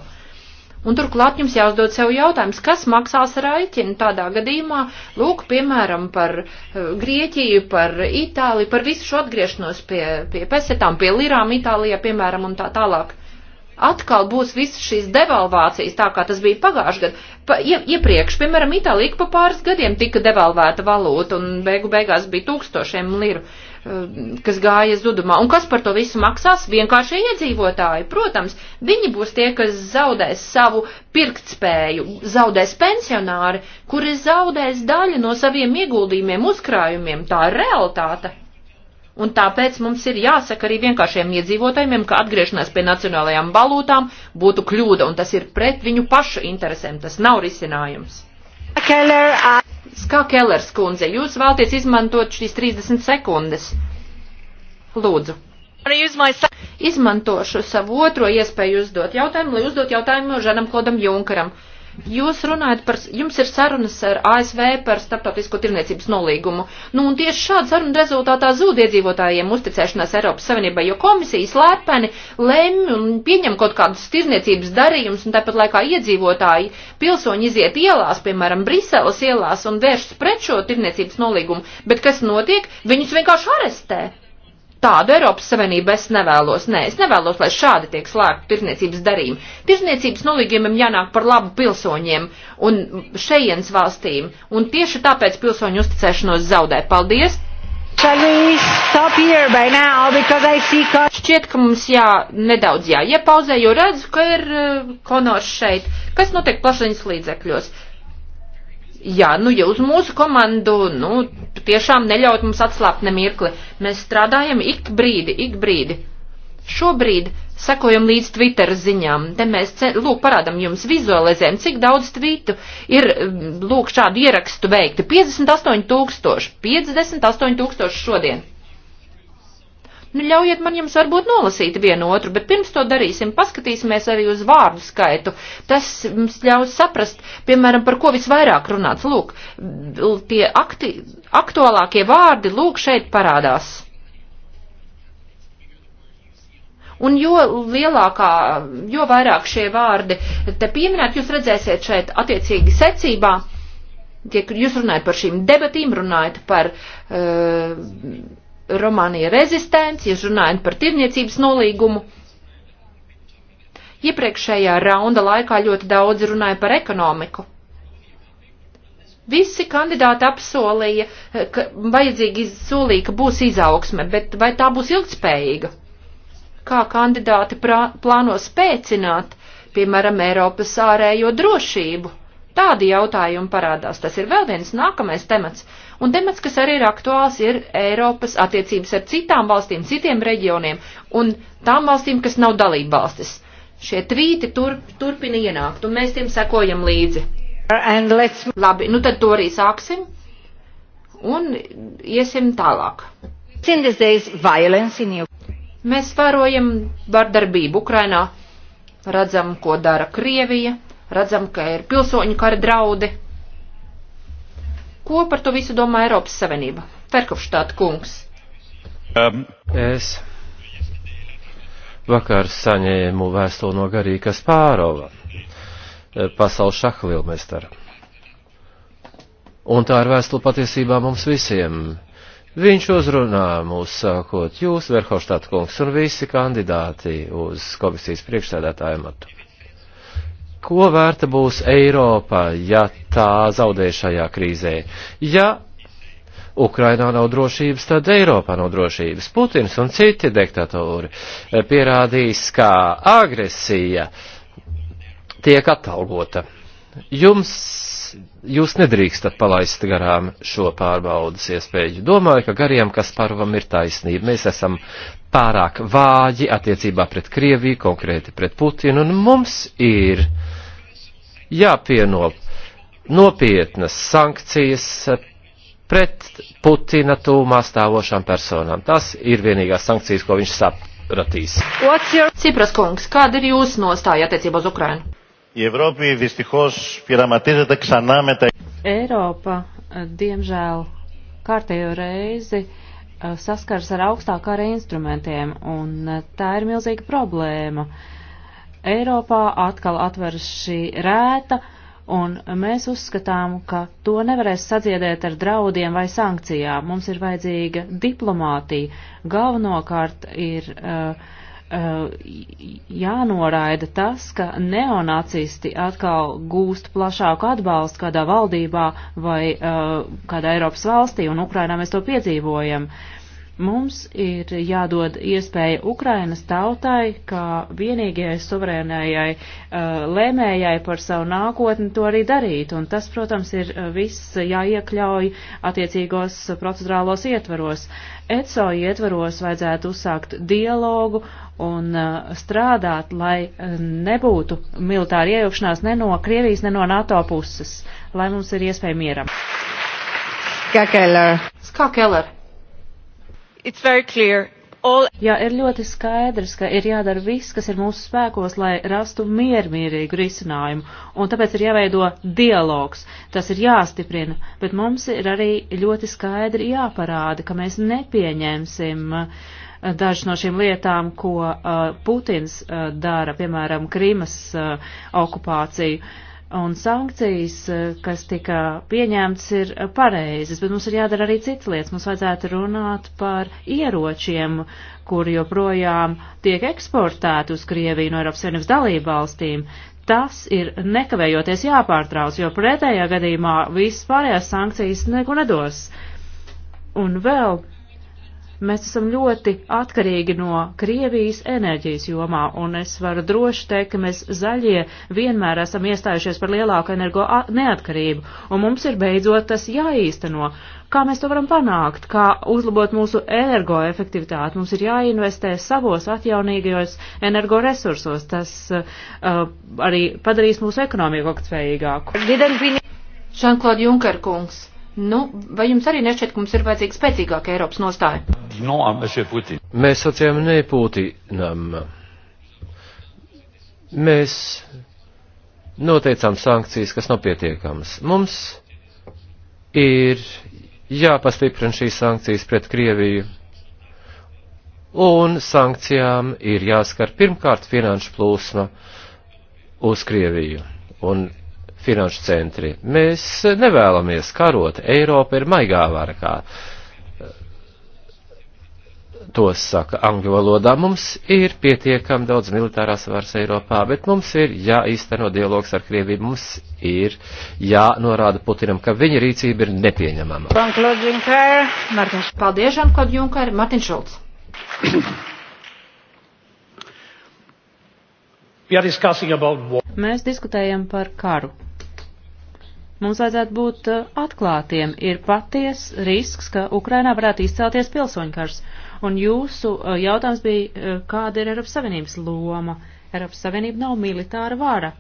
Un turklāt jums jāuzdod sev jautājums, kas maksās raiķinu tādā gadījumā, lūk, piemēram, par eh, Grieķiju, par Itāliju, par visu šo atgriešanos pie, pie pesetām, pie lirām Itālijā, piemēram, un tā tālāk atkal būs visas šīs devalvācijas, tā kā tas bija pagājušajā gadā. Pa, ie, iepriekš, piemēram, Itālija pa pāris gadiem tika devalvēta valūta un beigu beigās bija tūkstošiem liru, eh, kas gāja zudumā. Un kas par to visu maksās? Vienkārši iedzīvotāji. Protams, viņi būs tie, kas zaudēs savu pirktspēju, zaudēs pensionāri, kuri zaudēs daļu no saviem ieguldījumiem, uzkrājumiem. Tā ir realitāte. Un tāpēc mums ir jāsaka arī vienkāršiem iedzīvotājiem, ka atgriešanās pie nacionālajām valūtām būtu kļūda, un tas ir pret viņu pašu interesēm. Tas nav risinājums. Keller, I... Skā Kellers kundze, jūs vēlties izmantot šīs 30 sekundes. Lūdzu. Izmantošu savu otro iespēju uzdot jautājumu, lai uzdot jautājumu Žanam Klodam Junkaram. Jūs runājat par, jums ir sarunas ar ASV par starptautisko tirniecības nolīgumu. Nu, un tieši šāda saruna rezultātā zūd iedzīvotājiem uzticēšanās Eiropas Savienībai, jo komisijas lēpeni lemj un pieņem kaut kādus tirniecības darījumus, un tāpat laikā iedzīvotāji, pilsoņi iziet ielās, piemēram, Briseles ielās un vēršas pret šo tirniecības nolīgumu. Bet kas notiek? Viņus vienkārši arestē. Tādu Eiropas Savienību es nevēlos. Nē, es nevēlos, lai šādi tiek slēgti tirzniecības darījumi. Tirzniecības nolīgumiem jānāk par labu pilsoņiem un šejienes valstīm, un tieši tāpēc pilsoņu uzticēšanos zaudē. Paldies! Now, see... Šķiet, ka mums jā, nedaudz jāiepauzē, jo redzu, ka ir uh, konors šeit. Kas notiek plašsaziņas līdzekļos? Jā, nu jūs mūsu komandu, nu, tiešām neļaut mums atslāpt nemirkli. Mēs strādājam ik brīdi, ik brīdi. Šobrīd sekojam līdz Twitter ziņām. Te mēs, lūk, parādam jums vizualizēm, cik daudz tvītu ir, lūk, šādu ierakstu veikti. 58 tūkstoši, 58 tūkstoši šodien. Nu, ļaujiet man jums varbūt nolasīt vienu otru, bet pirms to darīsim, paskatīsimies arī uz vārdu skaitu. Tas mums ļaus saprast, piemēram, par ko visvairāk runāts. Lūk, tie akti, aktuālākie vārdi, lūk, šeit parādās. Un jo lielākā, jo vairāk šie vārdi te pieminēt, jūs redzēsiet šeit attiecīgi secībā, tiek, jūs runājat par šīm debatīm, runājat par. Uh, Romānija rezistents, ja runājam par tirniecības nolīgumu. Iepriekšējā raunda laikā ļoti daudz runāja par ekonomiku. Visi kandidāti apsolīja, ka vajadzīgi solīja, ka būs izaugsme, bet vai tā būs ilgspējīga? Kā kandidāti prā, plāno spēcināt, piemēram, Eiropas ārējo drošību? Tādi jautājumi parādās. Tas ir vēl viens nākamais temats, Un temats, kas arī ir aktuāls, ir Eiropas attiecības ar citām valstīm, citiem reģioniem un tām valstīm, kas nav dalība valstis. Šie tvīti turp, turpina ienākt, un mēs tiem sekojam līdzi. Labi, nu tad to arī sāksim un iesim tālāk. Mēs vērojam vardarbību Ukrainā, redzam, ko dara Krievija, redzam, ka ir pilsoņu kara draudi. Ko par to visu domā Eiropas Savienība? Ferkopštāt kungs. Um. Es vakar saņēmu vēstuli no Garīgas Pārova, e, pasaules šahlilmestara. Un tā ir vēstule patiesībā mums visiem. Viņš uzrunā mūs sākot jūs, Verhofstāt kungs, un visi kandidāti uz komisijas priekšsēdētāju matu ko vērta būs Eiropa, ja tā zaudē šajā krīzē? Ja Ukrainā nav drošības, tad Eiropā nav drošības. Putins un citi diktatori eh, pierādīs, kā agresija tiek atalgota. Jums jūs nedrīkstat palaist garām šo pārbaudas iespēju. Domāju, ka gariem, kas parvam ir taisnība, mēs esam pārāk vāji attiecībā pret Krieviju, konkrēti pret Putinu, un mums ir jāpieno nopietnas sankcijas pret Putina tūmā stāvošām personām. Tas ir vienīgās sankcijas, ko viņš sapratīs. Your... Cipras kungs, kāda ir jūsu nostāja attiecībā uz Ukrainu? Η Ευρώπη δυστυχώς πειραματίζεται ξανά με τα... Eiropa, diemžēl, kārtējo reizi eh, saskars ar augstākā ar instrumentiem, un eh, tā ir milzīga problēma. Eiropā atkal atveras šī rēta, un mēs uzskatām, ka to nevarēs sadziedēt ar draudiem vai sankcijām. Mums ir vajadzīga diplomātija. Galvenokārt ir uh, Uh, jānoraida tas, ka neonacisti atkal gūst plašāku atbalstu kādā valdībā vai uh, kādā Eiropas valstī, un Ukrainā mēs to piedzīvojam. Uh, Mums ir jādod iespēja Ukrainas tautai, kā vienīgajai suverēnējai uh, lēmējai par savu nākotni to arī darīt. Un tas, protams, ir uh, viss jāiekļauj attiecīgos procedurālos ietvaros. ECO ietvaros vajadzētu uzsākt dialogu un uh, strādāt, lai uh, nebūtu militāra iejaukšanās ne no Krievijas, ne no NATO puses, lai mums ir iespēja mieram. Skakeller. Skakeller. All... Jā, ir ļoti skaidrs, ka ir jādara viss, kas ir mūsu spēkos, lai rastu miermierīgu risinājumu, un tāpēc ir jāveido dialogs, tas ir jāstiprina, bet mums ir arī ļoti skaidri jāparāda, ka mēs nepieņemsim eh, dažas no šīm lietām, ko uh, Putins uh, dara, piemēram, Krīmas uh, okupāciju. Uh, Un sankcijas, eh, kas tika pieņemtas, ir pareizas, bet mums ir jādara arī citas lietas. Mums vajadzētu runāt par ieročiem, kuri joprojām tiek eksportēti uz Krieviju no Eiropas Savienības dalību valstīm. Tas ir nekavējoties jāpārtrauc, jo pretējā gadījumā visas pārējās sankcijas neko nedos. Un vēl Mēs esam ļoti atkarīgi no Krievijas enerģijas jomā, un es varu droši teikt, ka mēs zaļie vienmēr esam iestājušies par lielāku energo neatkarību, un mums ir beidzot tas jāīsteno. Kā mēs to varam panākt? Kā uzlabot mūsu energoefektivitāti? Mums ir jāinvestē savos atjaunīgajos energoresursos. Tas uh, arī padarīs mūsu ekonomiku ilgtspējīgāku. Jean-Claude Juncker kungs. Nu, vai jums arī nešķiet, ka mums ir vajadzīga spēcīgāka Eiropas nostāja? No, Mēs sacījām ne Putinam. Mēs noteicām sankcijas, kas nav pietiekamas. Mums ir jāpastiprina šīs sankcijas pret Krieviju. Un sankcijām ir jāskar pirmkārt finanšu plūsma uz Krieviju. Un finanšu centri. Mēs nevēlamies karot. Eiropa ir maigā varkā. To saka angļu valodā. Mums ir pietiekami daudz militārās varas Eiropā, bet mums ir jāīsteno dialogs ar Krieviju. Mums ir jānorāda Putinam, ka viņa rīcība ir nepieņemama. Paldies, Žankod Junker, Martin Šulc. Mēs diskutējam par karu. Mums vajadzētu būt uh, atklātiem. Ir paties risks, ka Ukrainā varētu izcelties pilsoņkars. Un jūsu uh, jautājums bija, uh, kāda ir Eiropas Savienības loma? Eiropas Savienība nav militāra vara.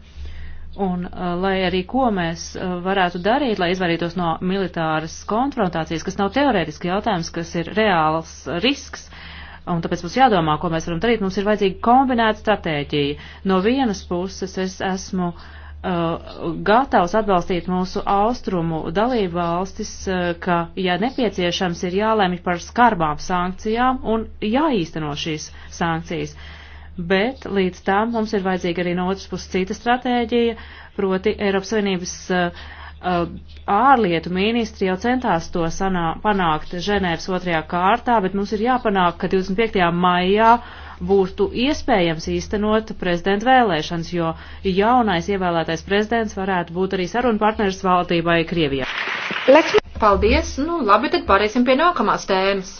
Un, lai arī ko mēs varētu darīt, lai izvairītos no militāras konfrontācijas, kas nav teorētiski jautājums, kas ir reāls risks, un tāpēc mums jādomā, ko mēs varam darīt, mums ir vajadzīga kombinēta stratēģija. No vienas puses es esmu uh, Uh, gatavs atbalstīt mūsu austrumu dalību valstis, uh, ka, ja nepieciešams, ir jālēmj par skarbām sankcijām un jāīsteno šīs sankcijas. Bet līdz tam mums ir vajadzīga arī no otras puses cita stratēģija, proti Eiropas Savienības uh, uh ārlietu ministri jau centās to sanā, panākt Ženēvas otrajā kārtā, bet mums ir jāpanāk, ka 25. maijā uh, būtu iespējams īstenot prezidenta vēlēšanas, jo jaunais ievēlētais prezidents varētu būt arī sarunu partneris valdībai Krievijā. Paldies! Nu, labi, tad pāriesim pie nākamās tēmas.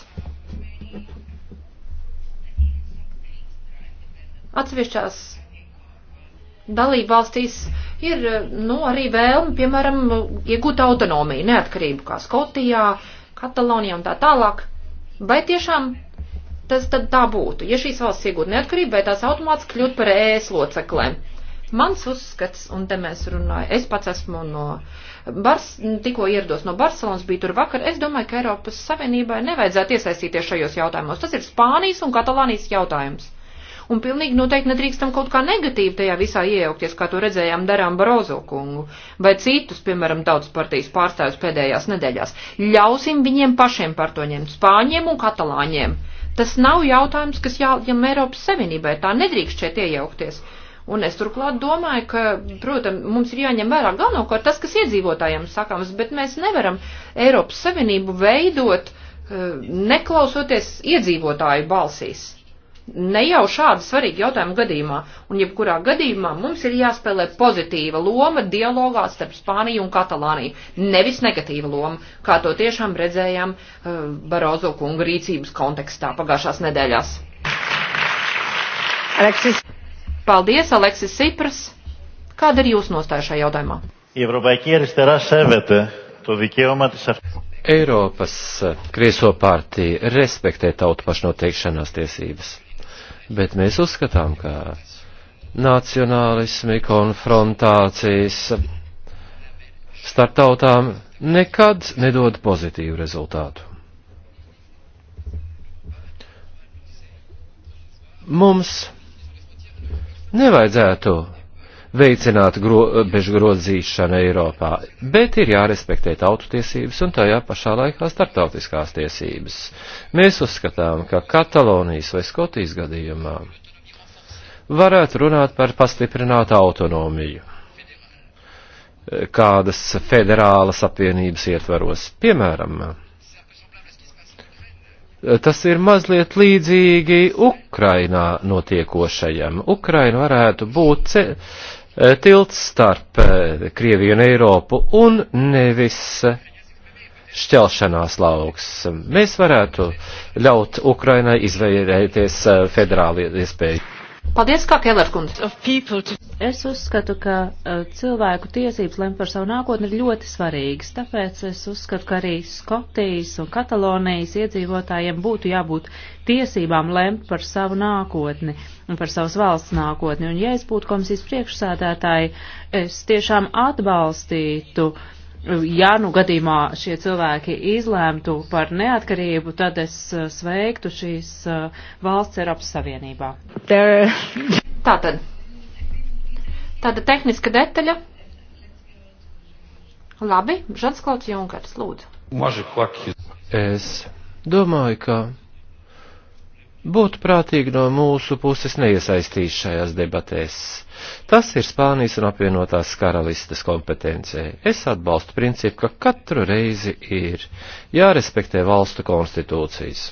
Atsevišķās dalību valstīs ir, nu, arī vēlme, piemēram, iegūt autonomiju, neatkarību, kā Skotijā, Katalonijā un tā tālāk. Vai tiešām tas tad tā būtu, ja šīs valsts iegūtu neatkarību, vai tās automāts kļūtu par ēs e loceklēm. Mans uzskats, un te mēs runājam, es pats esmu no Bars, tikko ierados no Barcelonas, biju tur vakar, es domāju, ka Eiropas Savienībai nevajadzētu iesaistīties šajos jautājumos. Tas ir Spānijas un Katalānijas jautājums. Un pilnīgi noteikti nedrīkstam kaut kā negatīvi tajā visā iejaukties, kā to redzējām darām Barozo kungu vai citus, piemēram, tautas partijas pārstāvjus pēdējās nedēļās. Ļausim viņiem pašiem par to ņemt, spāņiem un katalāņiem Tas nav jautājums, kas jāatņem Eiropas Savienībai. Tā nedrīkst šeit iejaukties. Un es turklāt domāju, ka, protams, mums ir jāņem vērā galvenokārt tas, kas iedzīvotājiem sakāms, bet mēs nevaram Eiropas Savienību veidot, eh, neklausoties iedzīvotāju balsīs ne jau šādu svarīgu jautājumu gadījumā, un jebkurā gadījumā mums ir jāspēlē pozitīva loma dialogā starp Spāniju un Katalāniju, nevis negatīva loma, kā to tiešām redzējām uh, Barozo kunga rīcības kontekstā pagājušās nedēļās. Aleksis. Paldies, Aleksis Sipras. Kāda ir jūsu nostāja šajā jautājumā? Eiropas Krieso partija respektē tautu pašnoteikšanās tiesības bet mēs uzskatām, ka nacionālismi, konfrontācijas starp tautām nekad nedod pozitīvu rezultātu. Mums nevajadzētu veicināt grobežu grozīšanu Eiropā, bet ir jārespektē tautu tiesības un tajā pašā laikā starptautiskās tiesības. Mēs uzskatām, ka Katalonijas vai Skotijas gadījumā varētu runāt par pastiprinātu autonomiju kādas federālas apvienības ietvaros. Piemēram, tas ir mazliet līdzīgi Ukrainā notiekošajam. Ukraina varētu būt Eh, tilts starp eh, Krieviju un Eiropu un nevis eh, šķelšanās lauks. Mēs varētu ļaut Ukrainai izvērēties federāli iespēju. Paldies, kā Keller kundze. Es uzskatu, ka e, cilvēku tiesības lemt par savu nākotni ir ļoti svarīgas, tāpēc es uzskatu, ka arī Skotijas un Katalonijas iedzīvotājiem būtu jābūt tiesībām lemt par savu nākotni un par savas valsts nākotni. Un ja es būtu komisijas priekšsādātāji, es tiešām atbalstītu uh, ja nu gadījumā šie cilvēki izlēmtu par neatkarību, tad es eh, sveiktu šīs eh, valsts Eiropas Savienībā. There... Tātad. Tāda tehniska detaļa. Labi, Žansklauds Junkars, lūdzu. Es domāju, ka Būtu prātīgi no mūsu puses neiesaistīt šajās debatēs. Tas ir Spānijas un apvienotās karalistes kompetencē. Es atbalstu principu, ka katru reizi ir jārespektē valstu konstitūcijas.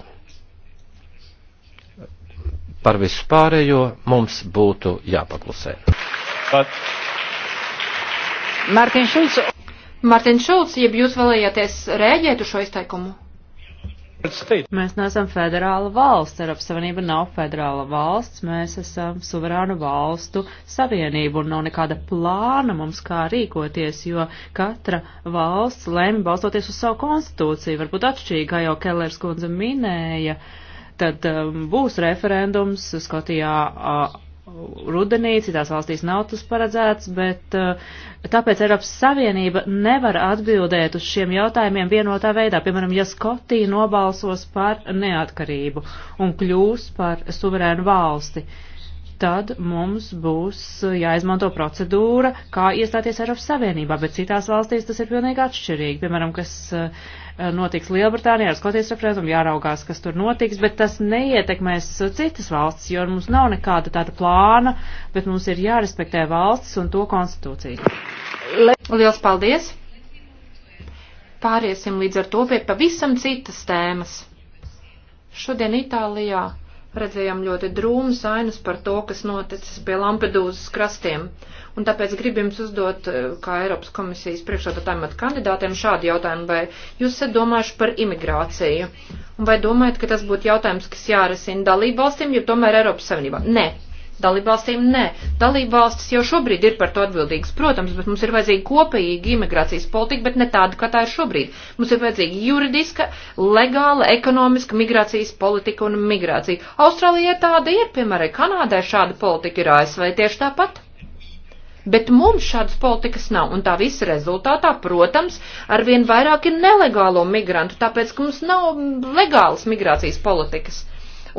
Par visu pārējo mums būtu jāpaklusē. But... Mārtiņš Šulc, jeb jūs vēlējāties rēģēt uz šo izteikumu? Mēs neesam federāla valsts, Eiropas Savienība nav federāla valsts, mēs esam suverānu valstu savienību un nav nekāda plāna mums kā rīkoties, jo katra valsts lēma balstoties uz savu konstitūciju, varbūt atšķirīgi, kā jau Kellers kundze minēja. Tad um, būs referendums Skotijā uh, rudenī, citās valstīs nav tas paredzēts, bet eh, tāpēc Eiropas Savienība nevar atbildēt uz šiem jautājumiem vienotā veidā. Piemēram, ja Skotija nobalsos par neatkarību un kļūs par suverēnu valsti, tad mums būs jāizmanto procedūra, kā iestāties Eiropas Savienībā, bet citās valstīs tas ir pilnīgi atšķirīgi. Piemēram, kas eh, Eh, notiks Lielbritānijā ar Skotijas referendumu, jāraugās, kas tur notiks, bet tas neietekmēs citas valsts, jo mums nav nekāda tāda plāna, bet mums ir jārespektē valsts un to konstitūciju. Liels paldies! Pāriesim līdz ar to pie pavisam citas tēmas. Šodien Itālijā redzējām ļoti drūmas ainas par to, kas noticis pie Lampedūzas krastiem. Un tāpēc gribu jums uzdot, eh, kā Eiropas komisijas priekšsādātājiem at kandidātiem, šādu jautājumu, vai jūs esat domājuši par imigrāciju? Un vai domājat, ka tas būtu jautājums, kas jārisina dalību valstīm, jo tomēr Eiropas Savienībā? Nē, Dalībvalstīm nē. Dalībvalstis jau šobrīd ir par to atbildīgas, protams, bet mums ir vajadzīga kopīga imigrācijas politika, bet ne tāda, kā tā ir šobrīd. Mums ir vajadzīga juridiska, legāla, ekonomiska migrācijas politika un migrācija. Austrālijai tāda ir, piemēram, Kanādai šāda politika ir ASV tieši tāpat. Bet mums šādas politikas nav, un tā visa rezultātā, protams, arvien vairāk ir nelegālo migrantu, tāpēc, ka mums nav legālas migrācijas politikas.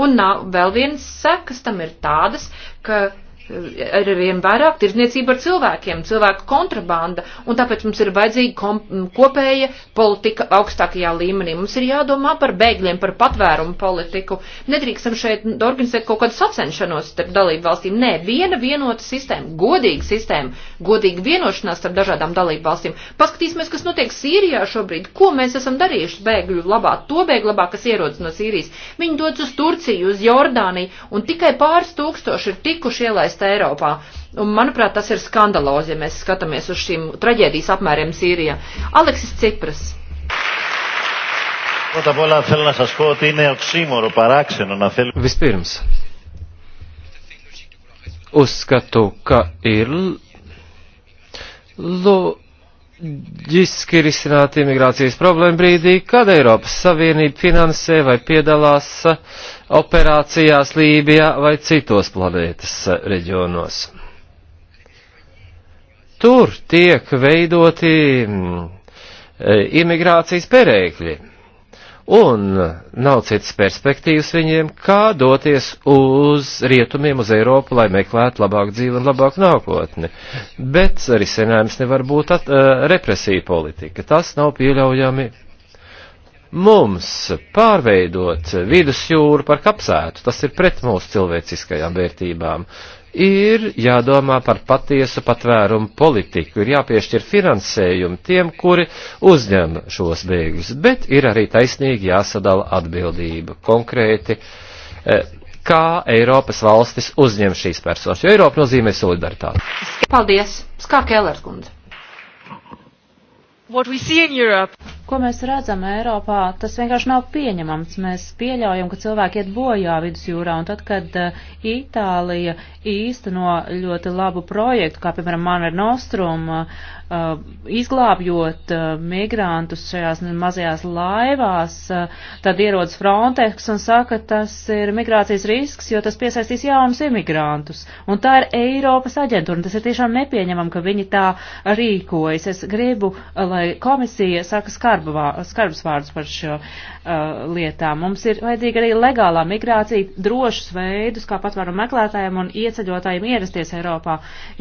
Un nav, vēl viens sekas tam ir tādas, ka ar vien vairāk tirdzniecība ar cilvēkiem, cilvēku kontrabanda, un tāpēc mums ir vajadzīga kopēja politika augstākajā līmenī. Mums ir jādomā par bēgļiem, par patvērumu politiku. Nedrīkstam šeit organizēt kaut kādu sacenšanos starp dalību valstīm. Nē, viena vienota sistēma, godīga sistēma, godīga vienošanās starp dažādām dalību valstīm. Paskatīsimies, kas notiek Sīrijā šobrīd, ko mēs esam darījuši bēgļu labā, to bēgļu labā, kas ierodas no Sīrijas. Viņi dodas uz Turciju, uz Jordāniju, un tikai pāris tūkstoši ir tikuši ielaisti ieviest Eiropā. Un, manuprāt, tas ir skandalozi, ja mēs skatāmies uz šīm traģēdijas apmēriem Sīrijā. Aleksis Cipras. Vispirms, uzskatu, ka ir lo, strateģiski risināt imigrācijas problēmu brīdī, kad Eiropas Savienība finansē vai piedalās operācijās Lībijā vai citos planētas reģionos. Tur tiek veidoti mm, e, imigrācijas perēkļi un nav citas perspektīvas viņiem, kā doties uz rietumiem, uz Eiropu, lai meklētu labāku dzīvi un labāku nākotni. Bet risinājums nevar būt at, uh, represija politika. Tas nav pieļaujami. Mums pārveidot vidusjūru par kapsētu, tas ir pret mūsu cilvēciskajām vērtībām. Uh, ir jādomā par patiesu patvērumu politiku, ir jāpiešķir finansējumu tiem, kuri uzņem šos bēgļus, bet ir arī taisnīgi jāsadala atbildība konkrēti, e, kā Eiropas valstis uzņem šīs personas, jo Eiropa nozīmē solidaritāti. Paldies! Skā Kēlers kundze! Ko mēs redzam Eiropā, tas vienkārši nav pieņemams. Mēs pieļaujam, ka cilvēki iet bojā vidusjūrā, un tad, kad eh, Itālija īsteno ļoti labu projektu, kā piemēram Mare Nostrum, Uh, izglābjot uh, migrantus šajās mazajās laivās, uh, tad ierodas Frontex un saka, tas ir migrācijas risks, jo tas piesaistīs jaunus imigrantus. Un tā ir Eiropas aģentūra, un tas ir tiešām nepieņemam, ka viņi tā rīkojas. Es gribu, lai komisija saka skarbas vārdus par šo. Uh, uh, lietām. Mums ir vajadzīga arī legālā migrācija, drošus veidus, kā patvaru meklētājiem un ieceļotājiem ierasties Eiropā,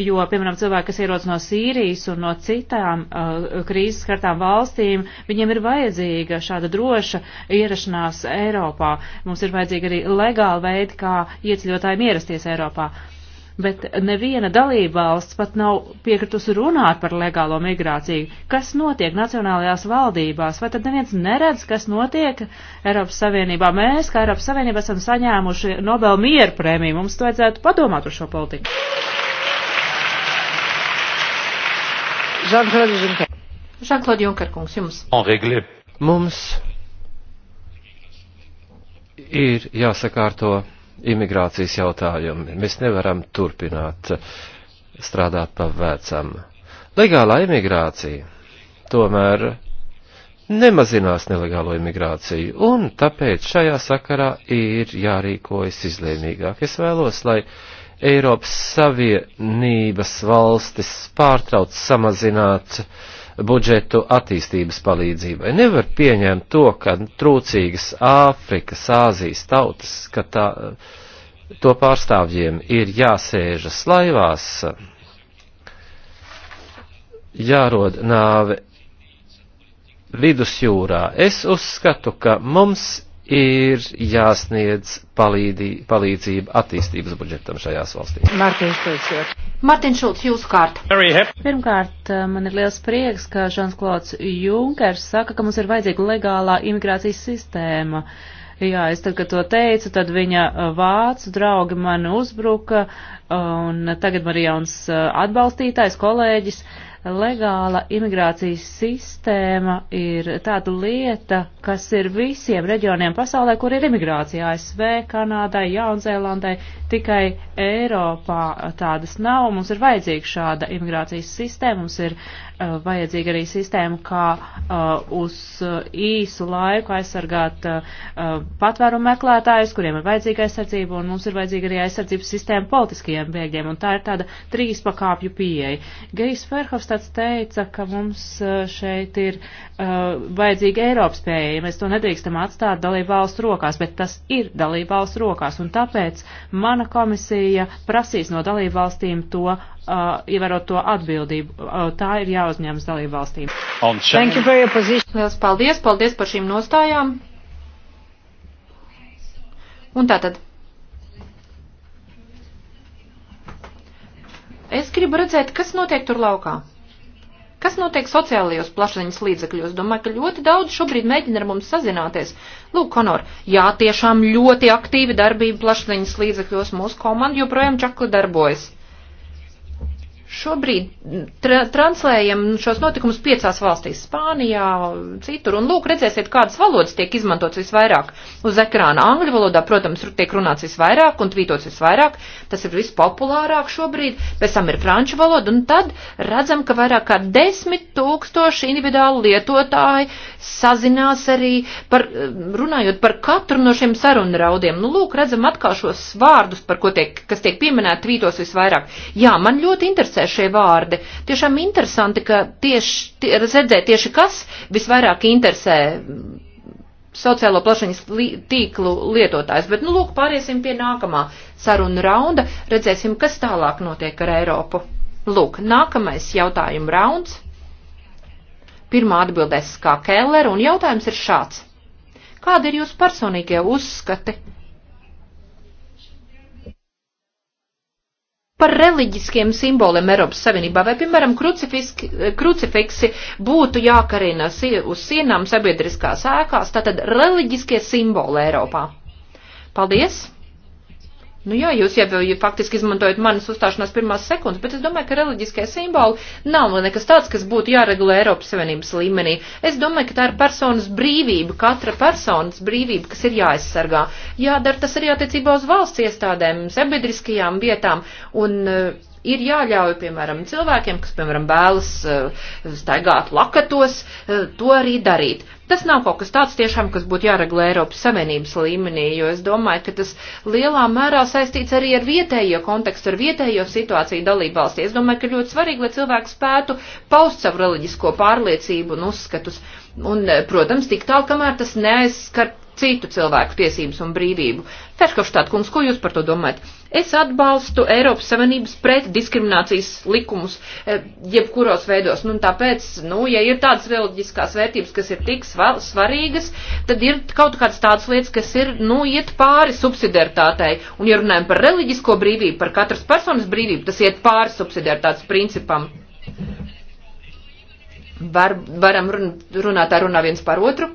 jo, piemēram, cilvēki, kas ierodas no Sīrijas un no citām uh, krīzes skartām valstīm, viņiem ir vajadzīga šāda droša ierašanās Eiropā. Mums ir vajadzīga arī legāla veida, kā ieceļotājiem ierasties Eiropā. Uh, bet neviena dalībvalsts pat nav piekritus runāt par legālo migrāciju. Kas notiek nacionālajās valdībās? Vai tad neviens neredz, kas notiek Eiropas Savienībā? Mēs, kā Eiropas Savienība, esam saņēmuši Nobel mieru prēmiju. Mums vajadzētu padomāt par šo politiku. Žanklod Junker. Žanklod Junker kungs, jums. Mums ir jāsakārto imigrācijas jautājumi. Mēs nevaram turpināt strādāt pa vecam. Legālā imigrācija tomēr nemazinās nelegālo imigrāciju, un tāpēc šajā sakarā ir jārīkojas izlēmīgāk. Es vēlos, lai Eiropas Savienības valstis pārtrauc samazināt uh, budžetu attīstības palīdzībai. Nevar pieņemt to, ka trūcīgas Āfrikas, Āzijas tautas, ka tā, to pārstāvjiem ir jāsēžas laivās, jārod nāve vidusjūrā. Es uzskatu, ka mums ir jāsniedz palīdī, palīdzība attīstības budžetam šajās valstīs. Mārtiņš Šulcs, Mārtiņš Šulcs, jūsu kārta. Pirmkārt, eh, man ir liels prieks, ka Žans Klods Junkers saka, ka mums ir vajadzīga legālā imigrācijas sistēma. Jā, es tad, kad to teicu, tad viņa eh, vācu draugi man uzbruka, un tagad man ir jauns eh, atbalstītājs, kolēģis. Uh, legāla imigrācijas sistēma ir tāda lieta, kas ir visiem reģioniem pasaulē, kur ir imigrācija ASV, Kanādai, Jaunzēlandai, tikai Eiropā tādas nav. Mums ir vajadzīga šāda imigrācijas sistēma, mums ir Eh, vajadzīga arī sistēma, kā eh, uz eh, īsu laiku aizsargāt patvērumu meklētājus, kuriem ir vajadzīga aizsardzība, un mums ir vajadzīga arī aizsardzības sistēma politiskajiem bēgļiem, un tā ir tāda trīs pakāpju pieeja. Gejs Ferhofstads teica, ka mums šeit ir vajadzīga Eiropas pieeja, mēs to nedrīkstam atstāt dalību valstu rokās, bet tas ir dalību valstu rokās, un tāpēc mana komisija prasīs no dalību valstīm to Uh, ievērot to atbildību. Uh, tā ir jāuzņemas dalību valstīm. Lielas paldies, paldies par šīm nostājām. Un tātad. Es gribu redzēt, kas notiek tur laukā. Kas notiek sociālajos plašsaziņas līdzekļos? Domāju, ka ļoti daudz šobrīd mēģina ar mums sazināties. Lūk, Konor, jā, tiešām ļoti aktīvi darbība plašsaziņas līdzekļos. Mūsu komanda joprojām čakli darbojas. Šobrīd tra translējam šos notikumus piecās valstīs - Spānijā, citur. Un lūk, redzēsiet, kādas valodas tiek izmantotas visvairāk uz ekrāna. Angļu valodā, protams, tiek runāts visvairāk un tvītots visvairāk. Tas ir vispopulārāk šobrīd. Pēc tam ir franču valoda. Un tad redzam, ka vairāk kā desmit tūkstoši individuāli lietotāji sazinās arī par, runājot par katru no šiem sarunu raudiem. Nu, lūk, redzam atkal šos vārdus, par ko tiek, kas tiek pieminēti tvītos visvairāk. Jā, man ļoti interesē izskanēja šie vārdi. Tiešām interesanti, ka tieši, tie, redzēt tieši kas visvairāk interesē mm, sociālo plašiņas li, tīklu lietotājs. Bet, nu, lūk, pāriesim pie nākamā saruna raunda. Redzēsim, kas tālāk notiek ar Eiropu. Lūk, nākamais jautājuma rauns. Pirmā atbildēs kā Keller, un jautājums ir šāds. Kāda ir jūsu personīgie uzskati par reliģiskiem simboliem Eiropas Savienībā, vai, piemēram, krucifiksi būtu jākarina uz sienām sabiedriskās ēkās, tātad reliģiskie simboli Eiropā. Paldies! Nu jā, jūs jau, jau faktiski izmantojat manas uzstāšanās pirmās sekundes, bet es domāju, ka reliģiskie simboli nav nekas tāds, kas būtu jāregulē Eiropas Savienības līmenī. Es domāju, ka tā ir personas brīvība, katra personas brīvība, kas ir jāaizsargā. Jādara tas arī attiecībā uz valsts iestādēm, sabiedriskajām vietām un uh, ir jāļauj, piemēram, cilvēkiem, kas, piemēram, vēlas eh, staigāt lakatos, eh, to arī darīt. Tas nav kaut kas tāds tiešām, kas būtu jāreglē Eiropas Savienības līmenī, jo es domāju, ka tas lielā mērā saistīts arī ar vietējo kontekstu, ar vietējo situāciju dalībvalstī. Es domāju, ka ļoti svarīgi, lai cilvēki spētu paust savu reliģisko pārliecību un uzskatus. Un, eh, protams, tik tālu, kamēr tas neaizskar citu cilvēku tiesības un brīvību. Ferhofstāt kungs, ko jūs par to domājat? Es atbalstu Eiropas Savienības pret diskriminācijas likumus eh, jebkuros veidos. Nu, tāpēc, nu, ja ir tādas reliģiskās vērtības, kas ir tik svarīgas, tad ir kaut kādas tādas lietas, kas ir, nu, iet pāri subsidiaritātei. Un, ja runājam par reliģisko brīvību, par katras personas brīvību, tas iet pāri subsidiaritātes principam. Var, varam run, runāt ar runā viens par otru.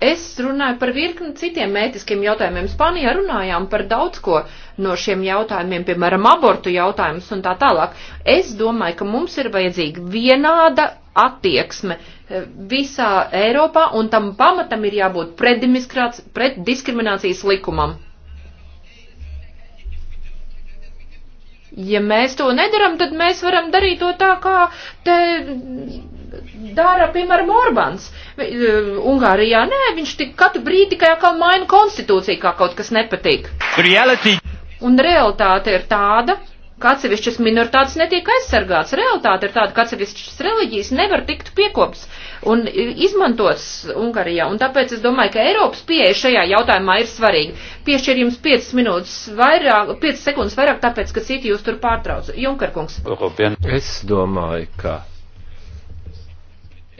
Es runāju par virkni citiem ētiskiem jautājumiem. Spānijā runājām par daudz ko no šiem jautājumiem, piemēram, abortu jautājumus un tā tālāk. Es domāju, ka mums ir vajadzīga vienāda attieksme eh, visā Eiropā, un tam pamatam ir jābūt preddiskriminācijas likumam. Ja mēs to nedaram, tad mēs varam darīt to tā, kā te dara, piemēram, Orbāns. E, Ungārijā nē, viņš tik katru brīdi tikai atkal maina konstitūciju, kā kaut kas nepatīk. Reality. Un realitāte ir tāda, ka atsevišķas minoritātes netiek aizsargāts. Realtāte ir tāda, ka atsevišķas reliģijas nevar tikt piekops un izmantots Ungarijā. Un tāpēc es domāju, ka Eiropas pieeja šajā jautājumā ir svarīga. Piešķir jums 5 minūtes vairāk, 5 sekundes vairāk, tāpēc, ka citi jūs tur pārtrauc. Junkarkungs. Es domāju, ka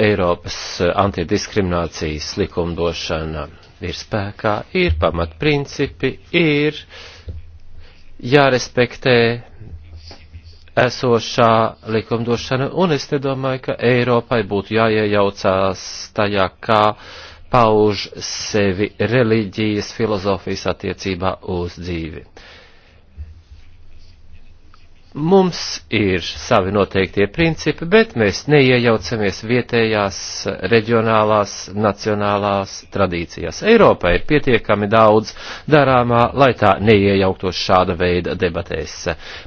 Eiropas eh, antidiskriminācijas likumdošana ir spēkā, ir pamatprincipi, ir jārespektē esošā likumdošana, un es te domāju, ka Eiropai būtu jāiejaucās tajā, kā pauž sevi reliģijas filozofijas attiecībā uz dzīvi. Mums ir savi noteiktie principi, bet mēs neiejaucamies vietējās, reģionālās, nacionālās tradīcijās. Eiropā ir pietiekami daudz darāmā, lai tā neiejauktos šāda veida debatēs.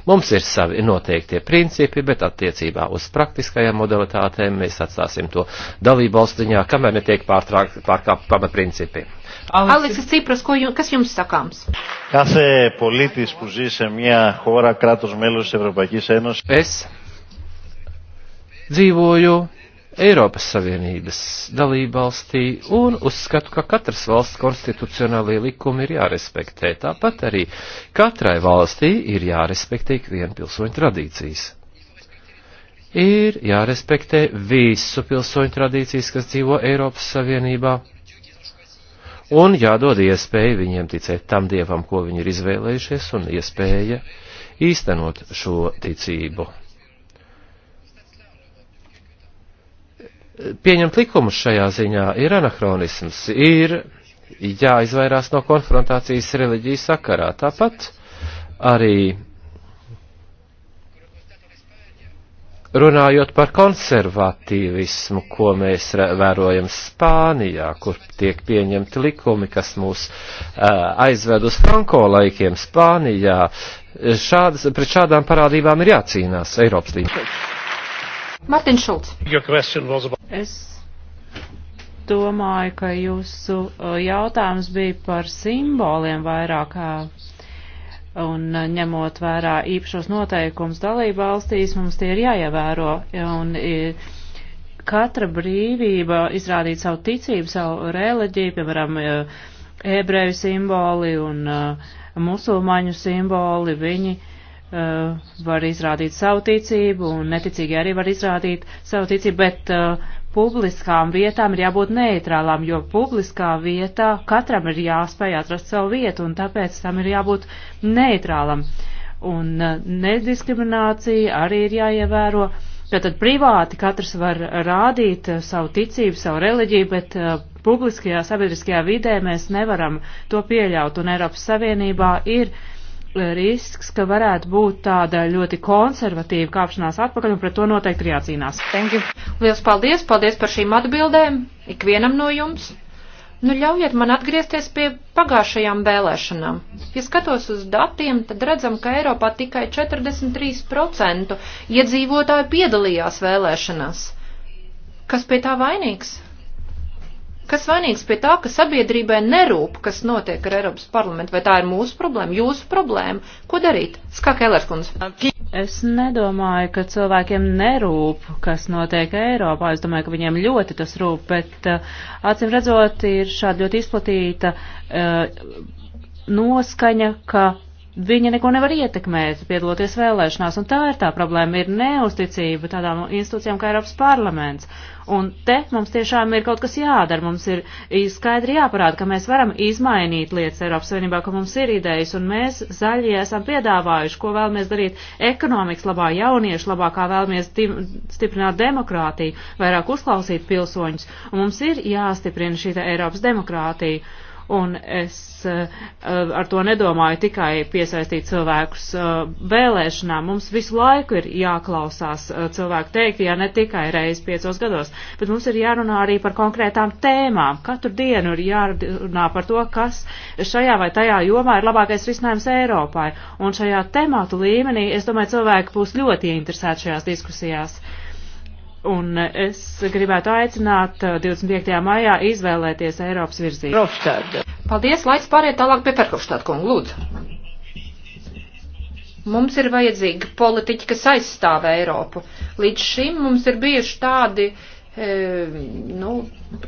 Mums ir savi noteiktie principi, bet attiecībā uz praktiskajām modalitātēm mēs atstāsim to dalību valstiņā, kamēr netiek pārkāpt pamatprincipi. Αλέξης Τσίπρας, kas jums sakāms? Κάθε πολίτης που ζει σε μια χώρα κράτος μέλος της Ευρωπαϊκής Ένωσης. Es dzīvoju Eiropas Savienības dalībvalstī un uzskatu, ka katras valsts konstitucionālie likumi ir jārespektē. Tāpat arī katrai valstī ir jārespektē ikviena pilsoņa tradīcijas. Ir jārespektē visu pilsoņu tradīcijas, kas dzīvo Eiropas Savienībā un jādod iespēja viņiem ticēt tam dievam, ko viņi ir izvēlējušies, un iespēja īstenot šo ticību. Pieņemt likumus šajā ziņā ir anahronisms, ir jāizvairās no konfrontācijas reliģijas sakarā. Tāpat arī runājot par konservatīvismu, ko mēs vērojam Spānijā, kur tiek pieņemti likumi, kas mūs uh, aizved uz franko laikiem Spānijā, šādas, pret šādām parādībām ir jācīnās Eiropas līmenī. Martin Šulc. Es domāju, ka jūsu jautājums bija par simboliem vairāk un eh, ņemot vērā īpašos noteikums dalību valstīs, mums tie ir jāievēro. Un eh, katra brīvība izrādīt savu ticību, savu reliģiju, piemēram, eh, ebreju simboli un musulmaņu simboli, viņi var izrādīt savu ticību, un neticīgi arī var izrādīt savu ticību, bet uh, publiskām vietām ir jābūt neitrālām, jo publiskā vietā katram ir jāspēj atrast savu vietu, un tāpēc tam ir jābūt neitrālam. Un uh, nediskriminācija arī ir jāievēro. Tātad privāti katrs var rādīt uh, savu ticību, savu reliģiju, bet uh, publiskajā sabiedriskajā vidē mēs nevaram to pieļaut, un Eiropas Savienībā ir uh, risks, ka varētu būt tāda ļoti konservatīva kāpšanās atpakaļ, un pret to noteikti ir jācīnās. Lielas paldies, paldies par šīm atbildēm, ikvienam no jums. Nu, ļaujiet man atgriezties pie pagājušajām vēlēšanām. Ja skatos uz datiem, tad redzam, ka Eiropā tikai 43% iedzīvotāji piedalījās vēlēšanās. Kas pie tā vainīgs? Kas vainīgs pie tā, ka sabiedrībai nerūp, kas notiek ar Eiropas parlamentu? Vai tā ir mūsu problēma, jūsu problēma? Ko darīt? Skā Kellerskundze. Es nedomāju, ka cilvēkiem nerūp, kas notiek Eiropā. Es domāju, ka viņiem ļoti tas rūp, bet uh, acīm redzot, ir šāda ļoti izplatīta uh, noskaņa, ka viņa neko nevar ietekmēt, piedaloties vēlēšanās, un tā ir tā problēma, ir neusticība tādām institūcijām kā Eiropas parlaments. Un te mums tiešām ir kaut kas jādara, mums ir skaidri jāparāda, ka mēs varam izmainīt lietas Eiropas Savienībā, ka mums ir idejas, un mēs zaļie esam piedāvājuši, ko vēlamies darīt ekonomikas labā, jauniešu labā, kā vēlamies stiprināt demokrātiju, vairāk uzklausīt pilsoņus, un mums ir jāstiprina šī Eiropas demokrātija un es eh, ar to nedomāju tikai piesaistīt cilvēkus eh, vēlēšanām. Mums visu laiku ir jāklausās eh, cilvēku teikt, ja ne tikai reizi piecos gados, bet mums ir jārunā arī par konkrētām tēmām. Katru dienu ir jārunā par to, kas šajā vai tajā jomā ir labākais risinājums Eiropai. Un šajā tematu līmenī, es domāju, cilvēki būs ļoti interesēti šajās diskusijās. Un es gribētu aicināt 25. maijā izvēlēties Eiropas virzību. Rofstad. Paldies, laiks pāriet tālāk pie Perkovštāt kungu, lūdzu. Mums ir vajadzīgi politiķi, kas aizstāv Eiropu. Līdz šim mums ir bijuši tādi uh, E, nu,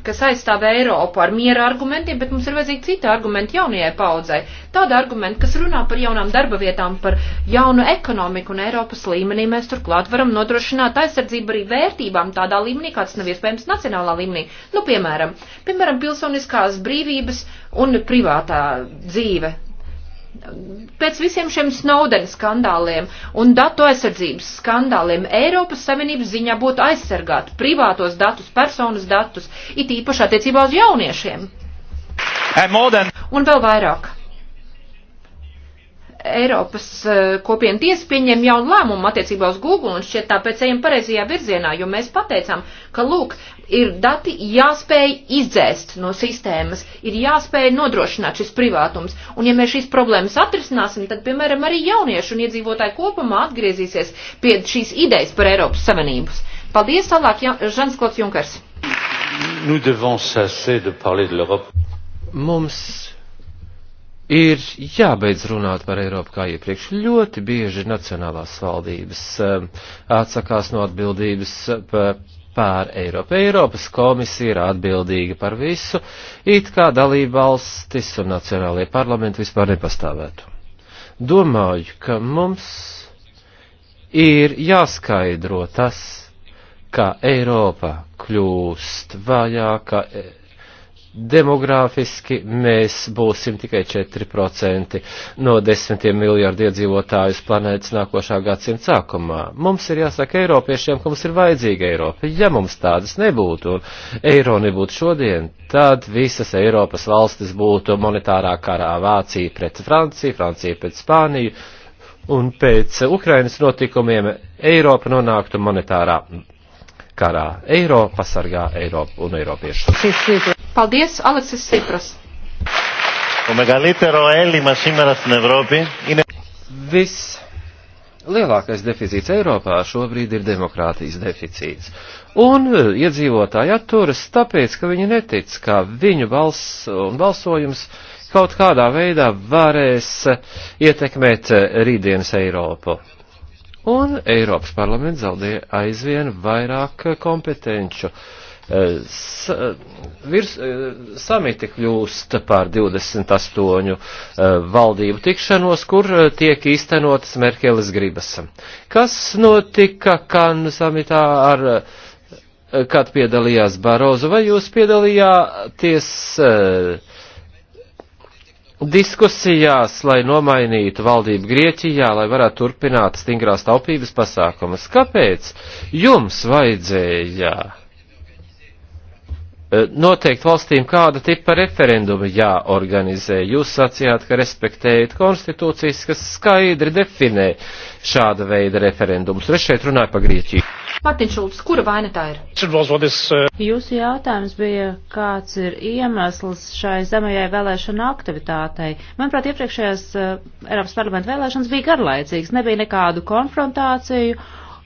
kas aizstāv Eiropu ar miera argumentiem, bet mums ir vajadzīgi citi argumenti jaunajai paudzei. Tāda argumenta, kas runā par jaunām darba vietām, par jaunu ekonomiku un Eiropas līmenī, mēs turklāt varam nodrošināt aizsardzību arī vērtībām tādā līmenī, kāds nav iespējams nacionālā līmenī. Nu, piemēram, piemēram, pilsoniskās brīvības un privātā dzīve, pēc visiem šiem Snowden skandāliem un datu aizsardzības skandāliem Eiropas Savienības ziņā būtu aizsargāt privātos datus, personas datus, it īpaši attiecībā uz jauniešiem. Eh, than... Un vēl vairāk Eiropas eh, kopiena tiesa pieņem jaunu lēmumu attiecībā uz Google un šķiet tāpēc ejam pareizajā virzienā, jo mēs pateicām, ka lūk, ir dati jāspēj izdzēst no sistēmas, ir jāspēj nodrošināt šis privātums. Un ja mēs šīs problēmas atrisināsim, tad, piemēram, arī jaunieši un iedzīvotāji kopumā atgriezīsies pie šīs idejas par Eiropas Savienības. Paldies, tālāk, Žans Klots Junkers. Mums ir jābeidz runāt par Eiropu kā iepriekš. Ļoti bieži nacionālās valdības um, atsakās no atbildības pār Eiropu. Eiropas komisija ir atbildīga par visu, it kā dalība valstis un nacionālajie parlamenti vispār nepastāvētu. Domāju, ka mums ir jāskaidro tas, ka Eiropa kļūst vājāka. E demogrāfiski mēs būsim tikai 4% no desmitiem miljardu iedzīvotājus planētas nākošā gadsimta sākumā. Mums ir jāsaka Eiropiešiem, ka mums ir vajadzīga Eiropa. Ja mums tādas nebūtu un eiro nebūtu šodien, tad visas Eiropas valstis būtu monetārā karā Vācija pret Franciju, Francija pret Spāniju un pēc Ukrainas notikumiem Eiropa nonāktu monetārā karā. Eiropa pasargā Eiropu un Eiropiešus. Paldies, Aleksis Sipras. Το μεγαλύτερο έλλειμμα σήμερα στην Ευρώπη είναι... Viss lielākais deficīts Eiropā šobrīd ir demokrātijas deficīts. Un e, iedzīvotāji atturas tāpēc, ka viņi netic, ka viņu balss un balsojums kaut kādā veidā varēs ietekmēt e, rītdienas Eiropu. Un Eiropas parlaments zaudēja aizvien vairāk kompetenču. Eh, s, eh, virs, eh, samiti kļūst par 28 valdību tikšanos, kur tiek īstenotas Merkeles gribas. Kas notika Kanu samitā ar, kad piedalījās Barozu, vai jūs piedalījāties uh, diskusijās, lai nomainītu valdību Grieķijā, lai varētu turpināt stingrās taupības pasākumus. Kāpēc jums vajadzēja e, noteikt valstīm, kāda tipa referenduma jāorganizē? Jūs sacījāt, ka respektējat konstitūcijas, kas skaidri definē šāda veida referendumus. Es šeit runāju par Grieķiju. Patiņšulps, kura vaina tā ir? Uh, Jūsu jautājums bija, kāds ir iemesls šai zemajai vēlēšana aktivitātei. Manuprāt, iepriekšējās uh, Eiropas parlamenta vēlēšanas bija garlaicīgas, nebija nekādu konfrontāciju.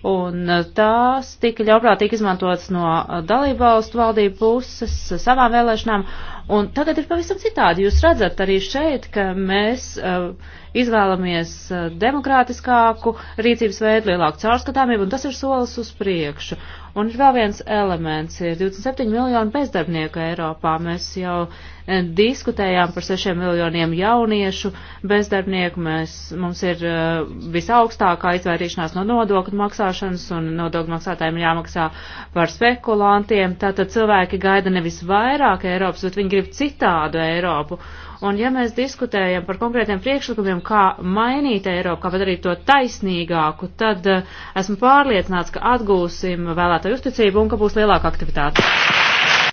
Un uh, tās tika ļauprātīgi izmantotas no uh, dalībvalstu valdību puses savām vēlēšanām. Un tagad ir pavisam citādi. Jūs redzat arī šeit, ka mēs uh, izvēlamies eh, demokrātiskāku rīcības veidu, lielāku caurskatāmību, un tas ir solis uz priekšu. Un ir vēl viens elements, ir 27 miljoni bezdarbnieku Eiropā. Mēs jau eh, diskutējām par 6 miljoniem jauniešu bezdarbnieku. Mēs, mums ir eh, visaugstākā izvairīšanās no nodokļu maksāšanas un nodokļu maksātājiem jāmaksā par spekulantiem. Tātad cilvēki gaida nevis vairāk Eiropas, bet viņi grib citādu Eiropu. Un ja mēs diskutējam par konkrētiem priekšlikumiem, kā mainīt Eiropu, kā padarīt to taisnīgāku, tad uh, esmu pārliecināts, ka atgūsim vēlētāju uzticību un ka būs lielāka aktivitāte.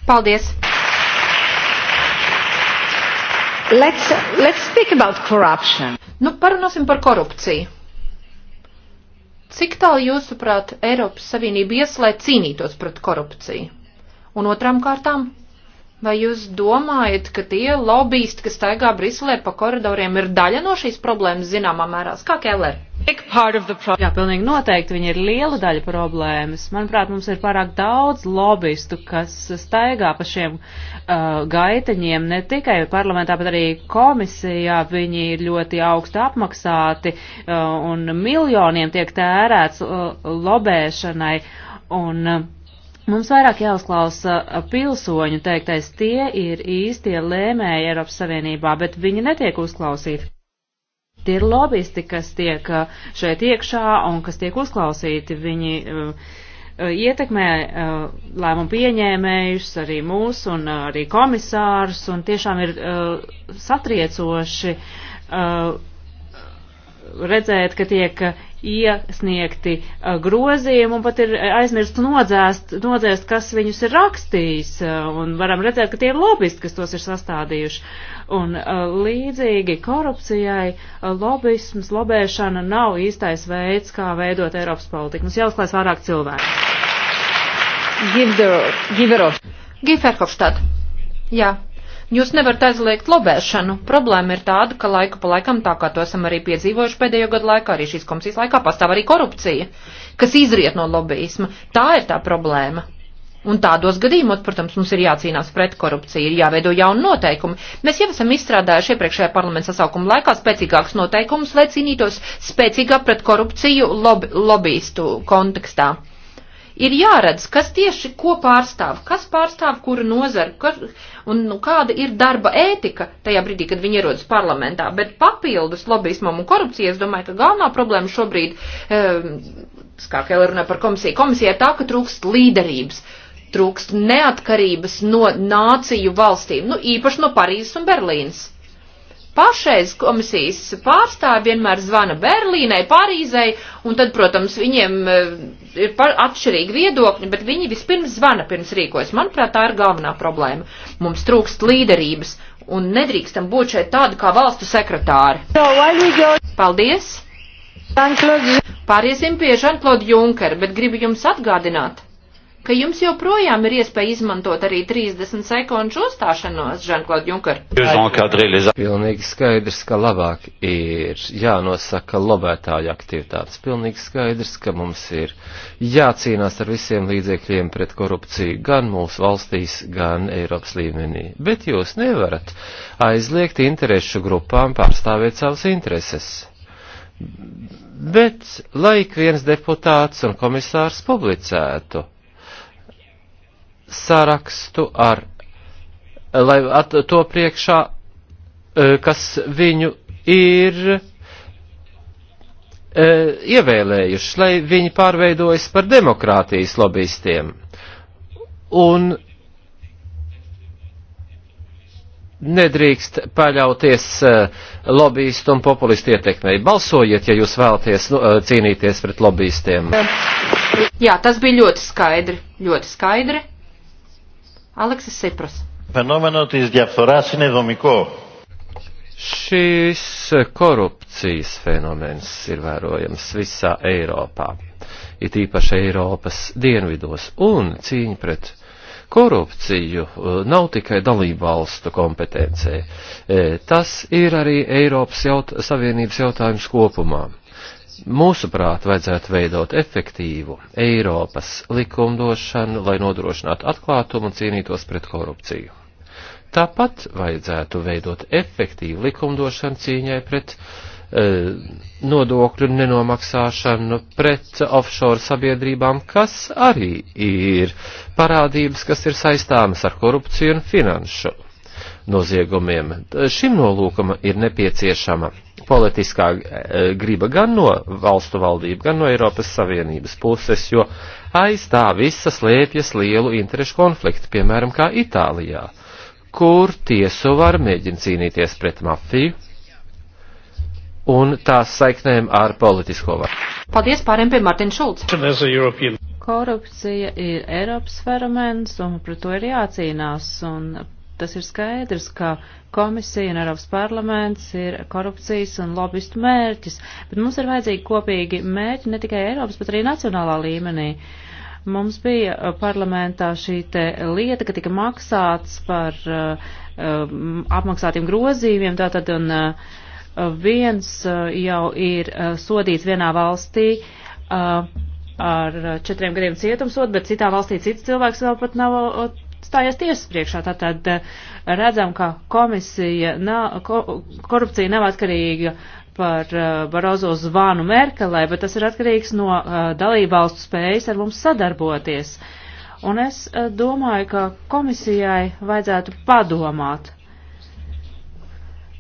Paldies! Let's, let's speak about corruption. Nu, parunāsim par korupciju. Cik tālu jūsuprāt Eiropas Savienība ies, lai cīnītos pret korupciju? Un otrām kārtām, Vai jūs domājat, ka tie lobbyisti, kas staigā Briselē pa koridoriem, ir daļa no šīs problēmas zināmā mērā? Kā Keller? Jā, pilnīgi noteikti viņi ir liela daļa problēmas. Manuprāt, mums ir pārāk daudz lobbyistu, kas staigā pa šiem uh, gaiteņiem, ne tikai parlamentā, bet arī komisijā. Viņi ir ļoti augstu apmaksāti uh, un miljoniem tiek tērēts uh, lobēšanai. Un, uh, Mums vairāk jāuzklausa pilsoņu teiktais, tie ir īstie lēmēji Eiropas Savienībā, bet viņi netiek uzklausīti. Tie ir lobbyisti, kas tiek šeit iekšā un kas tiek uzklausīti. Viņi uh, ietekmē uh, lēmumu pieņēmējus, arī mūs un uh, arī komisārus, un tiešām ir satriecoši redzēt, ka tiek uh, iesniegti uh, grozījumi un pat ir uh, aizmirst nodzēst, nodzēst, kas viņus ir rakstījis, un varam redzēt, ka tie ir lobisti, kas tos ir sastādījuši. Un līdzīgi korupcijai lobisms, lobēšana nav īstais veids, kā veidot Eiropas politiku. Mums jāuzklājas vairāk cilvēku. Giverhofstad. Jā. Jūs nevarat aizliegt lobēšanu. Problēma ir tāda, ka laiku pa laikam, tā kā to esam arī piedzīvojuši pēdējo gadu laikā, arī šīs komisijas laikā pastāv arī korupcija, kas izriet no lobbyisma. Tā ir tā problēma. Un tādos gadījumos, protams, mums ir jācīnās pret korupciju, ir jāveido jauni noteikumi. Mēs jau esam izstrādājuši iepriekšējā parlamenta sasaukuma laikā spēcīgākus noteikumus, lai cīnītos spēcīgāk pret korupciju lobby, lobbyistu kontekstā ir jāredz, kas tieši ko pārstāv, kas pārstāv kuru nozaru, kas, un nu, kāda ir darba ētika tajā brīdī, kad viņi ierodas parlamentā. Bet papildus lobbyismam un korupcijai, es domāju, ka galvenā problēma šobrīd, ehm, kā Kēlē runā par komisiju, komisija ir tā, ka trūkst līderības trūkst neatkarības no nāciju valstīm, nu īpaši no Parīzes un Berlīnas. Pašreiz komisijas pārstāvi vienmēr zvana Berlīnai, Parīzei, un tad, protams, viņiem e, ir atšķirīgi viedokļi, bet viņi vispirms zvana pirms rīkojas. Manuprāt, tā ir galvenā problēma. Mums trūkst līderības, un nedrīkstam būt šeit tādu kā valstu sekretāri. Paldies! Pāriesim pie Žanklauda Junkera, bet gribu jums atgādināt, ka jums joprojām ir iespēja izmantot arī 30 sekundžu uzstāšanos, Žanklod Junker. Pilnīgi skaidrs, ka labāk ir jānosaka lobētāju aktivitātes. Pilnīgi skaidrs, ka mums ir jācīnās ar visiem līdzekļiem pret korupciju gan mūsu valstīs, gan Eiropas līmenī. Bet jūs nevarat aizliegt interešu grupām pārstāvēt savas intereses. Bet laik viens deputāts un komisārs publicētu sarakstu ar, lai at, to priekšā, e, kas viņu ir e, ievēlējuši, lai viņi pārveidojas par demokrātijas lobbyistiem. Un nedrīkst paļauties e, lobbyistu un populistu ietekmei. Balsojiet, ja jūs vēlaties nu, cīnīties pret lobbyistiem. Jā, tas bija ļoti skaidri, ļoti skaidri. Αλέξης Σύπρος. Φαινόμενο της διαφθοράς είναι δομικό. Šīs korupcijas fenomens ir vērojams visā Eiropā, it īpaši Eiropas dienvidos, un cīņa pret korupciju uh, nav tikai dalībvalstu kompetencē. Uh, tas ir arī Eiropas jaut Savienības jautājums kopumā. Mūsuprāt, vajadzētu veidot efektīvu Eiropas likumdošanu, lai nodrošinātu atklātumu un cīnītos pret korupciju. Tāpat vajadzētu veidot efektīvu likumdošanu cīņai pret e, nodokļu nenomaksāšanu, pret offshore sabiedrībām, kas arī ir parādības, kas ir saistāmas ar korupciju un finanšu noziegumiem. Šim nolūkam ir nepieciešama politiskā eh, griba gan no valstu valdību, gan no Eiropas Savienības puses, jo aiz tā visa slēpjas lielu interešu konfliktu, piemēram, kā Itālijā, kur tiesu var mēģina cīnīties pret mafiju un tās saiknēm ar politisko varu. Paldies pāriem pie Martina Šulca. Korupcija ir Eiropas fenomens, un par to ir jācīnās, un tas ir skaidrs, ka komisija un Eiropas parlaments ir korupcijas un lobbyistu mērķis, bet mums ir vajadzīgi kopīgi mērķi ne tikai Eiropas, bet arī nacionālā līmenī. Mums bija uh, parlamentā šī te lieta, ka tika maksāts par uh, um, apmaksātiem grozījumiem, tātad un uh, viens uh, jau ir uh, sodīts vienā valstī. Uh, ar uh, četriem gadiem cietumsodu, bet citā valstī cits cilvēks vēl pat nav uh, stājies tiesas priekšā. Tātad eh, redzam, ka komisija, nav, ko, korupcija nav atkarīga par eh, Barozo zvanu Merkelē, bet tas ir atkarīgs no eh, dalībvalstu spējas ar mums sadarboties. Un es domāju, ka komisijai vajadzētu padomāt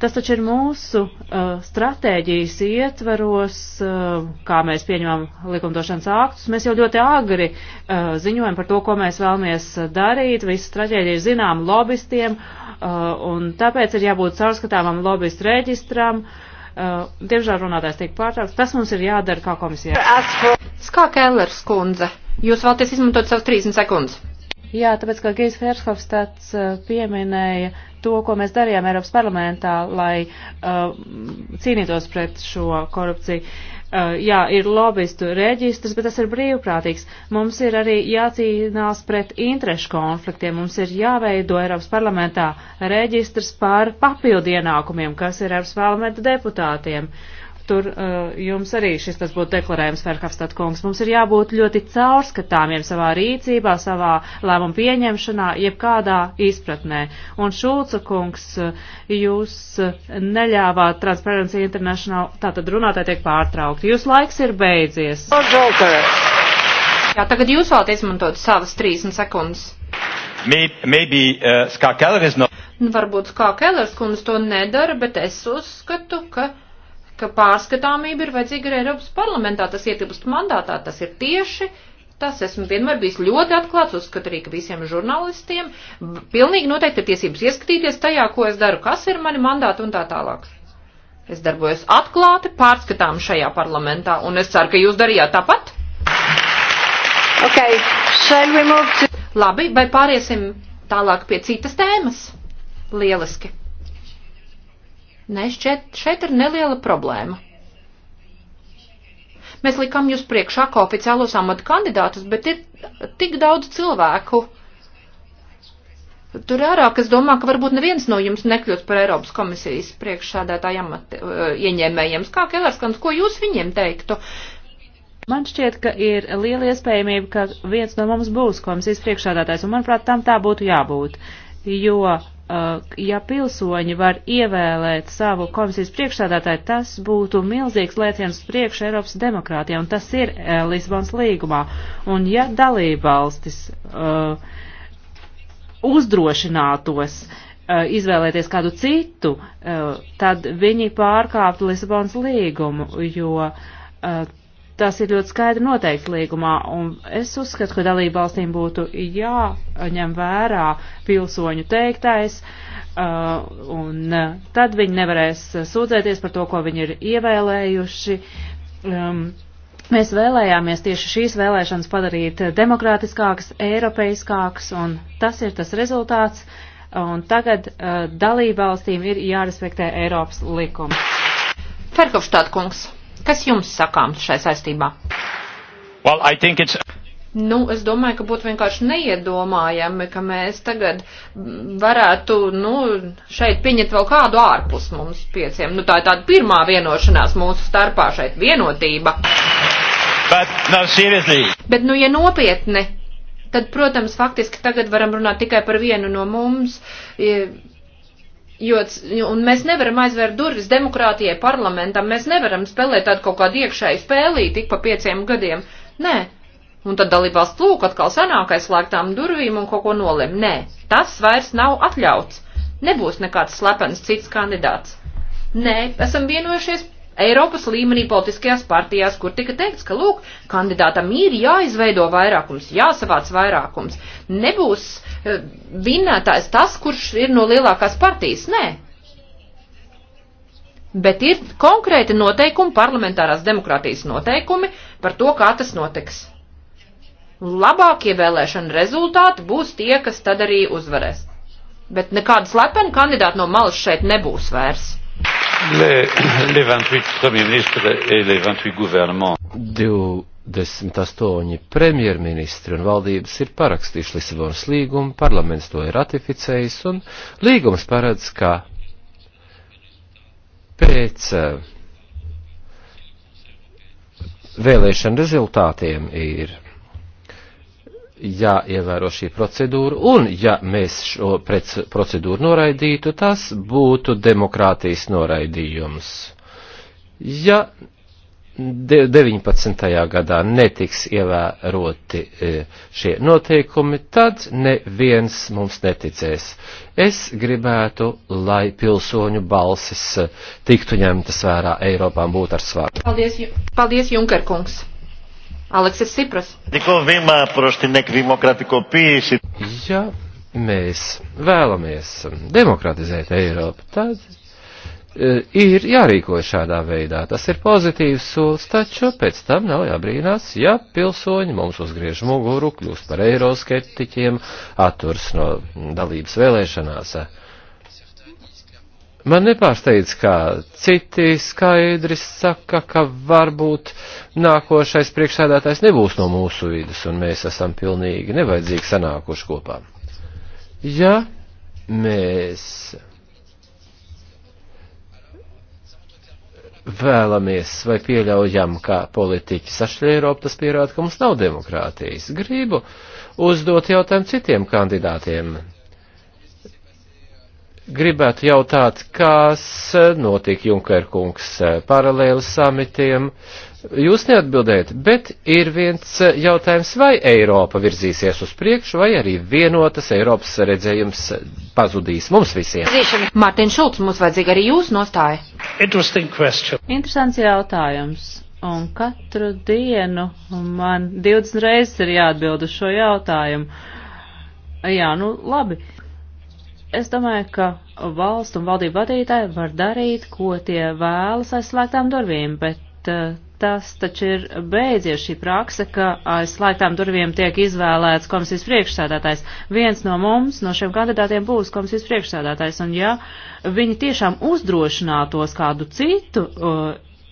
Tas taču ir mūsu uh, stratēģijas ietvaros, uh, kā mēs pieņemam likumdošanas aktus. Mēs jau ļoti agri uh, ziņojam par to, ko mēs vēlamies darīt. Visa stratēģija ir zinām lobbystiem, uh, un tāpēc ir jābūt caurskatāmam lobbystu reģistram. Uh, diemžēl runātājs tiek pārtraukts. Tas mums ir jādara kā komisijai. Skā Kellers kundze, jūs vēlaties izmantot savus 30 sekundes. Jā, tāpēc, kā Gejs Fērskovs tāds uh, pieminēja, uh, to, ko mēs darījām Eiropas parlamentā, lai uh, cīnītos pret šo korupciju. Uh, jā, ir lobbyistu reģistrs, bet tas ir brīvprātīgs. Mums ir arī jācīnās pret interešu konfliktiem. Mums ir jāveido Eiropas parlamentā reģistrs par papildu ienākumiem, kas ir Eiropas parlamenta deputātiem. Uh, tur uh, jums arī šis tas būtu deklarējums, Ferhafstad kungs. Mums ir jābūt ļoti caurskatāmiem savā rīcībā, savā lēmumu pieņemšanā, jebkādā izpratnē. Un Šulca kungs, uh, jūs uh, neļāvāt Transparency International, tātad runātāji tiek pārtraukti. Jūs laiks ir beidzies. Jā, tagad jūs vēlat izmantot savas 30 sekundes. Maybe, uh, Skā Kellers no... Nu, varbūt Skā Kellers kundze to nedara, bet es uzskatu, ka ka pārskatāmība ir vajadzīga arī Eiropas parlamentā, tas ietilpst mandātā, tas ir tieši tas esmu vienmēr bijis ļoti atklāts, uzskatu arī, ka visiem žurnālistiem pilnīgi noteikti ir tiesības ieskatīties tajā, ko es daru, kas ir mani mandāti un tā tālāk. Es darbojos atklāti, pārskatām šajā parlamentā, un es ceru, ka jūs darījāt tāpat. Okay. To... Labi, vai pāriesim tālāk pie citas tēmas? Lieliski! Nē, šķiet, šeit ir neliela problēma. Mēs likām jūs priekšā kā oficiālos amatu kandidātus, bet ir tik daudz cilvēku tur ārā, kas domā, ka varbūt neviens no jums nekļūst par Eiropas komisijas priekšsādātāju amatu eh, ieņēmējiem. Kā Kellerskans, ko jūs viņiem teiktu? Man šķiet, ka ir liela iespējamība, ka viens no mums būs komisijas priekšsādātājs, un manuprāt, tam tā būtu jābūt. Jo Uh, ja pilsoņi var ievēlēt savu komisijas priekšsādātāju, tas būtu milzīgs lēciens priekš Eiropas demokrātijā, un tas ir uh, Lisbons līgumā. Un ja dalībvalstis uh, uzdrošinātos uh, izvēlēties kādu citu, uh, tad viņi pārkāptu Lisbons līgumu, jo uh, Tas ir ļoti skaidri noteikts līgumā, un es uzskatu, ka dalību valstīm būtu jāņem vērā pilsoņu teiktais, uh, un uh, tad viņi nevarēs sūdzēties par to, ko viņi ir ievēlējuši. Um, mēs vēlējāmies tieši šīs vēlēšanas padarīt demokrātiskākas, eiropeiskākas, un tas ir tas rezultāts, un tagad uh, dalību valstīm ir jārespektē Eiropas likums. Ferkovštāt kungs. Kas jums sakāms šai saistībā? Well, Nu, es domāju, ka būtu vienkārši neiedomājami, ka mēs tagad varētu, nu, šeit pieņemt vēl kādu ārpus mums pieciem. Nu, tā ir tāda pirmā vienošanās mūsu starpā šeit vienotība. But, no, seriously. Bet, nu, ja nopietni, tad, protams, faktiski tagad varam runāt tikai par vienu no mums. Ja Jo, un mēs nevaram aizvērt durvis demokrātijai parlamentam, mēs nevaram spēlēt tādu kaut kādu iekšēju spēlī tik pa pieciem gadiem. Nē. Un tad dalībvalsts lūk atkal sanāk aizslēgtām durvīm un kaut ko nolem. Nē, tas vairs nav atļauts. Nebūs nekāds slepens cits kandidāts. Nē, esam vienojušies Eiropas līmenī politiskajās partijās, kur tika teikts, ka, lūk, kandidātam ir jāizveido vairākums, jāsavāc vairākums. Nebūs uh, vinnētājs tas, kurš ir no lielākās partijas. Nē. Bet ir konkrēti noteikumi, parlamentārās demokrātijas noteikumi par to, kā tas notiks. Labākie vēlēšana rezultāti būs tie, kas tad arī uzvarēs. Bet nekāda slepena kandidāta no malas šeit nebūs vairs. Les, les 28 premiers ministres et les 28 gouvernements. 28 premjerministri un valdības ir parakstījuši Lisabonas līgumu, parlaments to ir ratificējis un līgums paredz, ka pēc eh, vēlēšana rezultātiem ir jāievēro šī procedūra, un ja mēs šo procedūru noraidītu, tas būtu demokrātijas noraidījums. Ja 19. gadā netiks ievēroti e, šie noteikumi, tad neviens mums neticēs. Es gribētu, lai pilsoņu balsis e, tiktu ņemtas vērā Eiropā un būtu ar svārtu. Paldies, Paldies Junkerkungs! Αλέξης Σύπρος. βήμα προς την εκδημοκρατικοποίηση. Ja mēs vēlamies demokratizēt Eiropu, tad e, ir jārīkojas šādā veidā. Tas ir pozitīvs solis, taču pēc tam nav jābrīnās, ja pilsoņi mums uzgriež muguru, kļūst par eiroskeptiķiem, atturs no dalības vēlēšanās. Uh, Man nepārsteidz, kā citi skaidri saka, ka varbūt nākošais priekšsēdētājs nebūs no mūsu vidas, un mēs esam pilnīgi nevajadzīgi sanākuši kopā. Ja mēs vēlamies vai pieļaujam, ka politiķi sašļie Eiropu, tas pierāda, ka mums nav demokrātijas. Gribu uzdot jautājumu citiem kandidātiem gribētu jautāt, kas eh, notiek Junkerkungs eh, paralēli samitiem. Jūs neatbildējat, bet ir viens eh, jautājums, vai Eiropa virzīsies uz priekšu, vai arī vienotas Eiropas redzējums pazudīs mums visiem. Mārtiņš Šulcs, mums vajadzīga arī jūs nostāja. Interesants jautājums. Un katru dienu man 20 reizes ir jāatbild uz šo jautājumu. Jā, nu labi. Uh, es domāju, ka valsts un valdību vadītāji var darīt, ko tie vēlas aizslēgtām durvīm, bet uh, tas taču ir beidzies šī praksa, ka aizslēgtām durvīm tiek izvēlēts komisijas priekšsēdētājs. Viens no mums, no šiem kandidātiem būs komisijas priekšsēdētājs, un ja viņi tiešām uzdrošinātos kādu citu uh,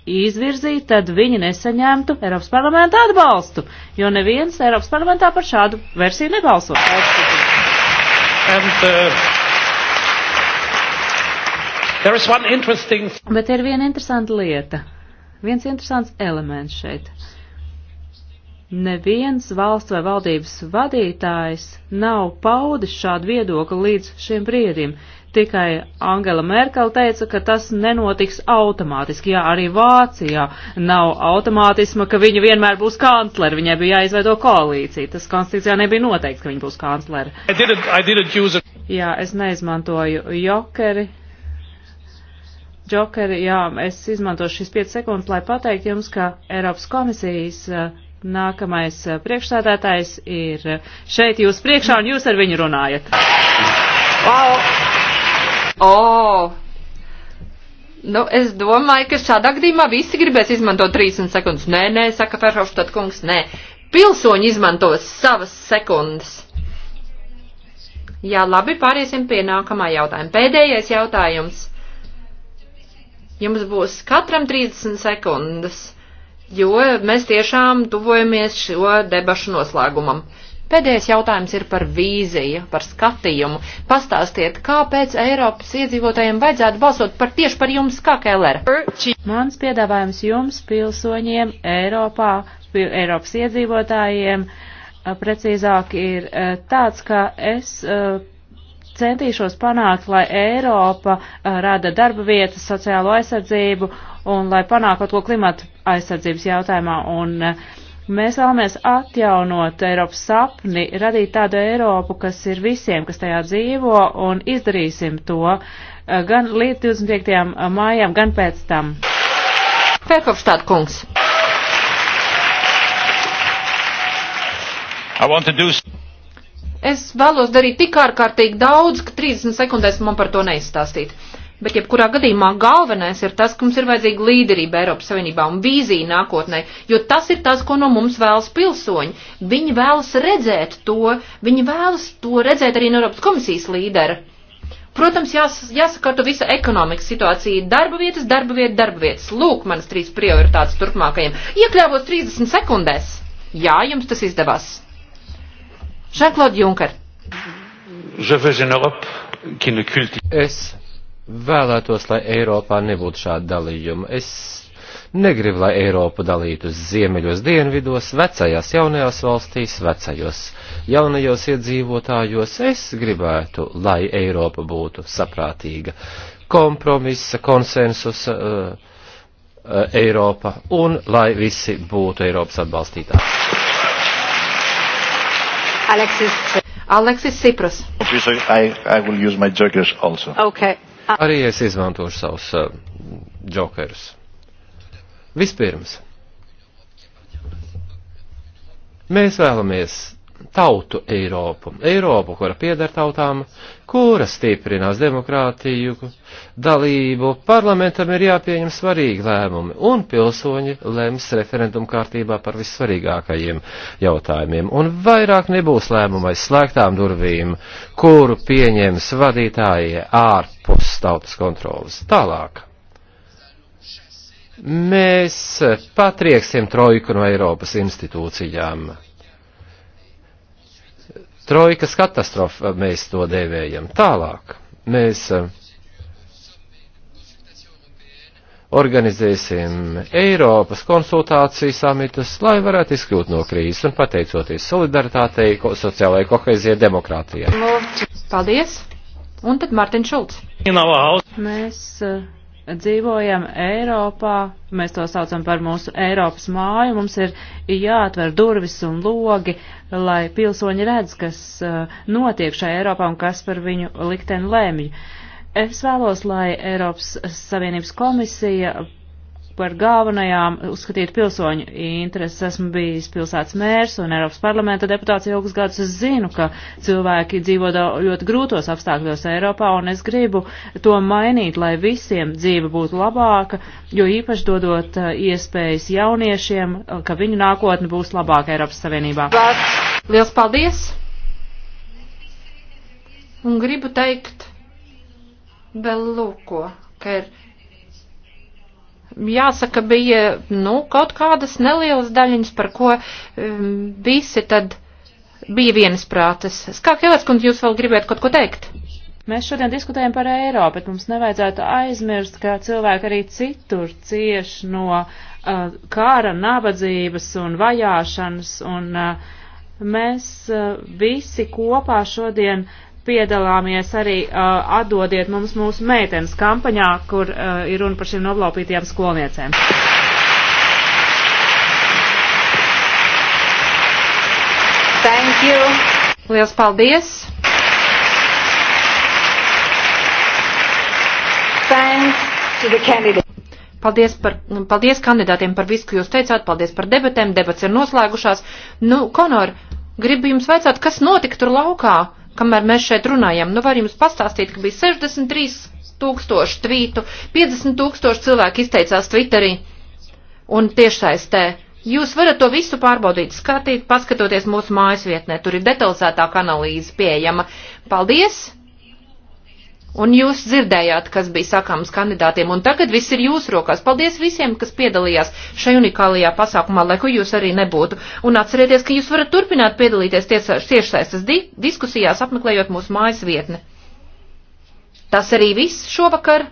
izvirzīt, tad viņi nesaņemtu Eiropas parlamenta atbalstu, jo neviens Eiropas parlamentā par šādu versiju nebalso. And, uh... Interesting... Bet ir viena interesanta lieta, viens interesants elements šeit. Neviens valsts vai valdības vadītājs nav paudis šādu viedokli līdz šiem briedim. Tikai Angela Merkel teica, ka tas nenotiks automātiski. Jā, arī Vācijā nav automātisma, ka viņa vienmēr būs kanclere. Viņai bija jāizveido koalīcija. Tas konstitūcijā nebija noteikts, ka viņa būs kanclere. Jā, es neizmantoju jokeri, Džokeri, jā, es izmantošu šīs 5 sekundes, lai pateiktu jums, ka Eiropas komisijas eh, nākamais eh, priekšsādātājs ir eh, šeit jūs priekšā un jūs ar viņu runājat. Wow. Oh. Nu, es domāju, ka šādā gadījumā visi gribēs izmantot 30 sekundes. Nē, nē, saka Ferhofstad kungs, nē. Pilsoņi izmantos savas sekundes. Jā, labi, pāriesim pie nākamā jautājuma. Pēdējais jautājums Jums būs katram 30 sekundes, jo mēs tiešām tuvojamies šo debašu noslēgumam. Pēdējais jautājums ir par vīziju, par skatījumu. Pastāstiet, kāpēc Eiropas iedzīvotājiem vajadzētu balsot par tieši par jums, kā Keller? Mans piedāvājums jums, pilsoņiem, Eiropā, Eiropas iedzīvotājiem, precīzāk ir tāds, ka es centīšos panākt, lai Eiropa eh, rada darba vietas, sociālo aizsardzību un lai panāk kaut ko klimatu aizsardzības jautājumā. Un eh, mēs vēlamies atjaunot Eiropas sapni, radīt tādu Eiropu, kas ir visiem, kas tajā dzīvo, un izdarīsim to eh, gan līdz 25. mājām, gan pēc tam. Ferhofstāt kungs. I want to do Es vēlos darīt tik ārkārtīgi daudz, ka 30 sekundēs man par to neizstāstīt. Bet jebkurā gadījumā galvenais ir tas, ka mums ir vajadzīga līderība Eiropas Savienībā un vīzija nākotnē, jo tas ir tas, ko no mums vēlas pilsoņi. Viņi vēlas redzēt to, viņi vēlas to redzēt arī no Eiropas komisijas līdera. Protams, jās, jāsakārto visa ekonomikas situācija - darba vietas, darba vieta, darba vietas. Lūk, manas trīs prioritātes turpmākajiem. Iekļāvos 30 sekundēs. Jā, jums tas izdevās. Jean-Claude Juncker. Es vēlētos, lai Eiropā nebūtu šāda dalījuma. Es negribu, lai Eiropu dalītu uz ziemeļos dienvidos, vecajās jaunajās valstīs, vecajos jaunajos iedzīvotājos. Es gribētu, lai Eiropa būtu saprātīga kompromisa, konsensusa uh, uh, Eiropa un lai visi būtu Eiropas atbalstītāji. Alexis. Aleksis Sipras. I, I will use my jokers also. Okay. Arī es izmantošu savus uh, jokerus. Vispirms, mēs vēlamies tautu Eiropu. Eiropu, kura pieder tautām, kura stiprinās demokrātiju, dalību. Parlamentam ir jāpieņem svarīgi lēmumi, un pilsoņi lems referendumu kārtībā par vissvarīgākajiem jautājumiem. Un vairāk nebūs lēmumu aiz slēgtām durvīm, kuru pieņems vadītāji ārpus tautas kontrolas. Tālāk mēs patrieksim trojku no Eiropas institūcijām. Trojkas katastrofa eh, mēs to dēvējam. Tālāk mēs eh, organizēsim Eiropas konsultāciju samitus, lai varētu izkļūt no krīzes un pateicoties solidaritātei, ko, sociālajai kohēzijai, demokrātijai. Paldies! Un tad Mārtiņš Šulcs. Mēs uh, dzīvojam Eiropā, mēs to saucam par mūsu Eiropas māju, mums ir jāatver durvis un logi, lai pilsoņi redz, kas uh, notiek šajā Eiropā un kas par viņu likteni lēmj. Es vēlos, lai Eiropas Savienības komisija par galvenajām uzskatīt pilsoņu intereses. Esmu bijis pilsētas mērs un Eiropas parlamenta deputāts ilgus gadus. Es zinu, ka cilvēki dzīvo ļoti grūtos apstākļos Eiropā, un es gribu to mainīt, lai visiem dzīve būtu labāka, jo īpaši dodot uh, iespējas jauniešiem, uh, ka viņu nākotne būs labāka Eiropas Savienībā. Liels paldies! Un gribu teikt vēl lūko, ka ir jāsaka, bija, nu, kaut kādas nelielas daļiņas, par ko um, visi tad bija vienasprātas. Skāk, Jelēskundze, jūs vēl gribētu kaut ko teikt? Mēs šodien diskutējam par Eiropu, bet mums nevajadzētu aizmirst, ka cilvēki arī citur cieš no uh, kāra, nabadzības un vajāšanas, un uh, mēs uh, visi kopā šodien uh, piedalāmies arī uh, atdodiet mums mūsu meitenes kampaņā, kur uh, ir runa par šīm noblaupītajām skolniecēm. Thank you. Liels paldies. Thanks to the candidate. Paldies, par, paldies kandidātiem par visu, ko jūs teicāt, paldies par debatēm, debats ir noslēgušās. Nu, Konor, gribu jums vaicāt, kas notika tur laukā? kamēr mēs šeit runājam. Nu, var jums pastāstīt, ka bija 63 tūkstoši tvītu, 50 tūkstoši cilvēki izteicās Twitterī un tiešsaistē. Jūs varat to visu pārbaudīt, skatīt, paskatoties mūsu mājas vietnē. Tur ir detalizētāka analīze pieejama. Paldies! Un jūs dzirdējāt, kas bija sakāms kandidātiem, un tagad viss ir jūsu rokās. Paldies visiem, kas piedalījās šai unikālajā pasākumā, lai ko jūs arī nebūtu. Un atcerieties, ka jūs varat turpināt piedalīties tiešsaistes di diskusijās, apmeklējot mūsu mājas vietni. Tas arī viss šovakar.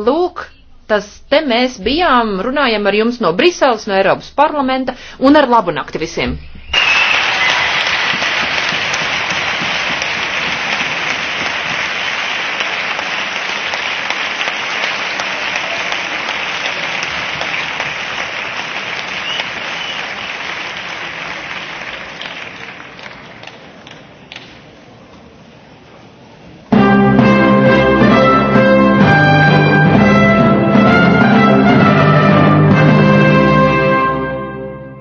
Lūk, tas te mēs bijām, runājam ar jums no Briseles, no Eiropas parlamenta, un ar labu nakti visiem!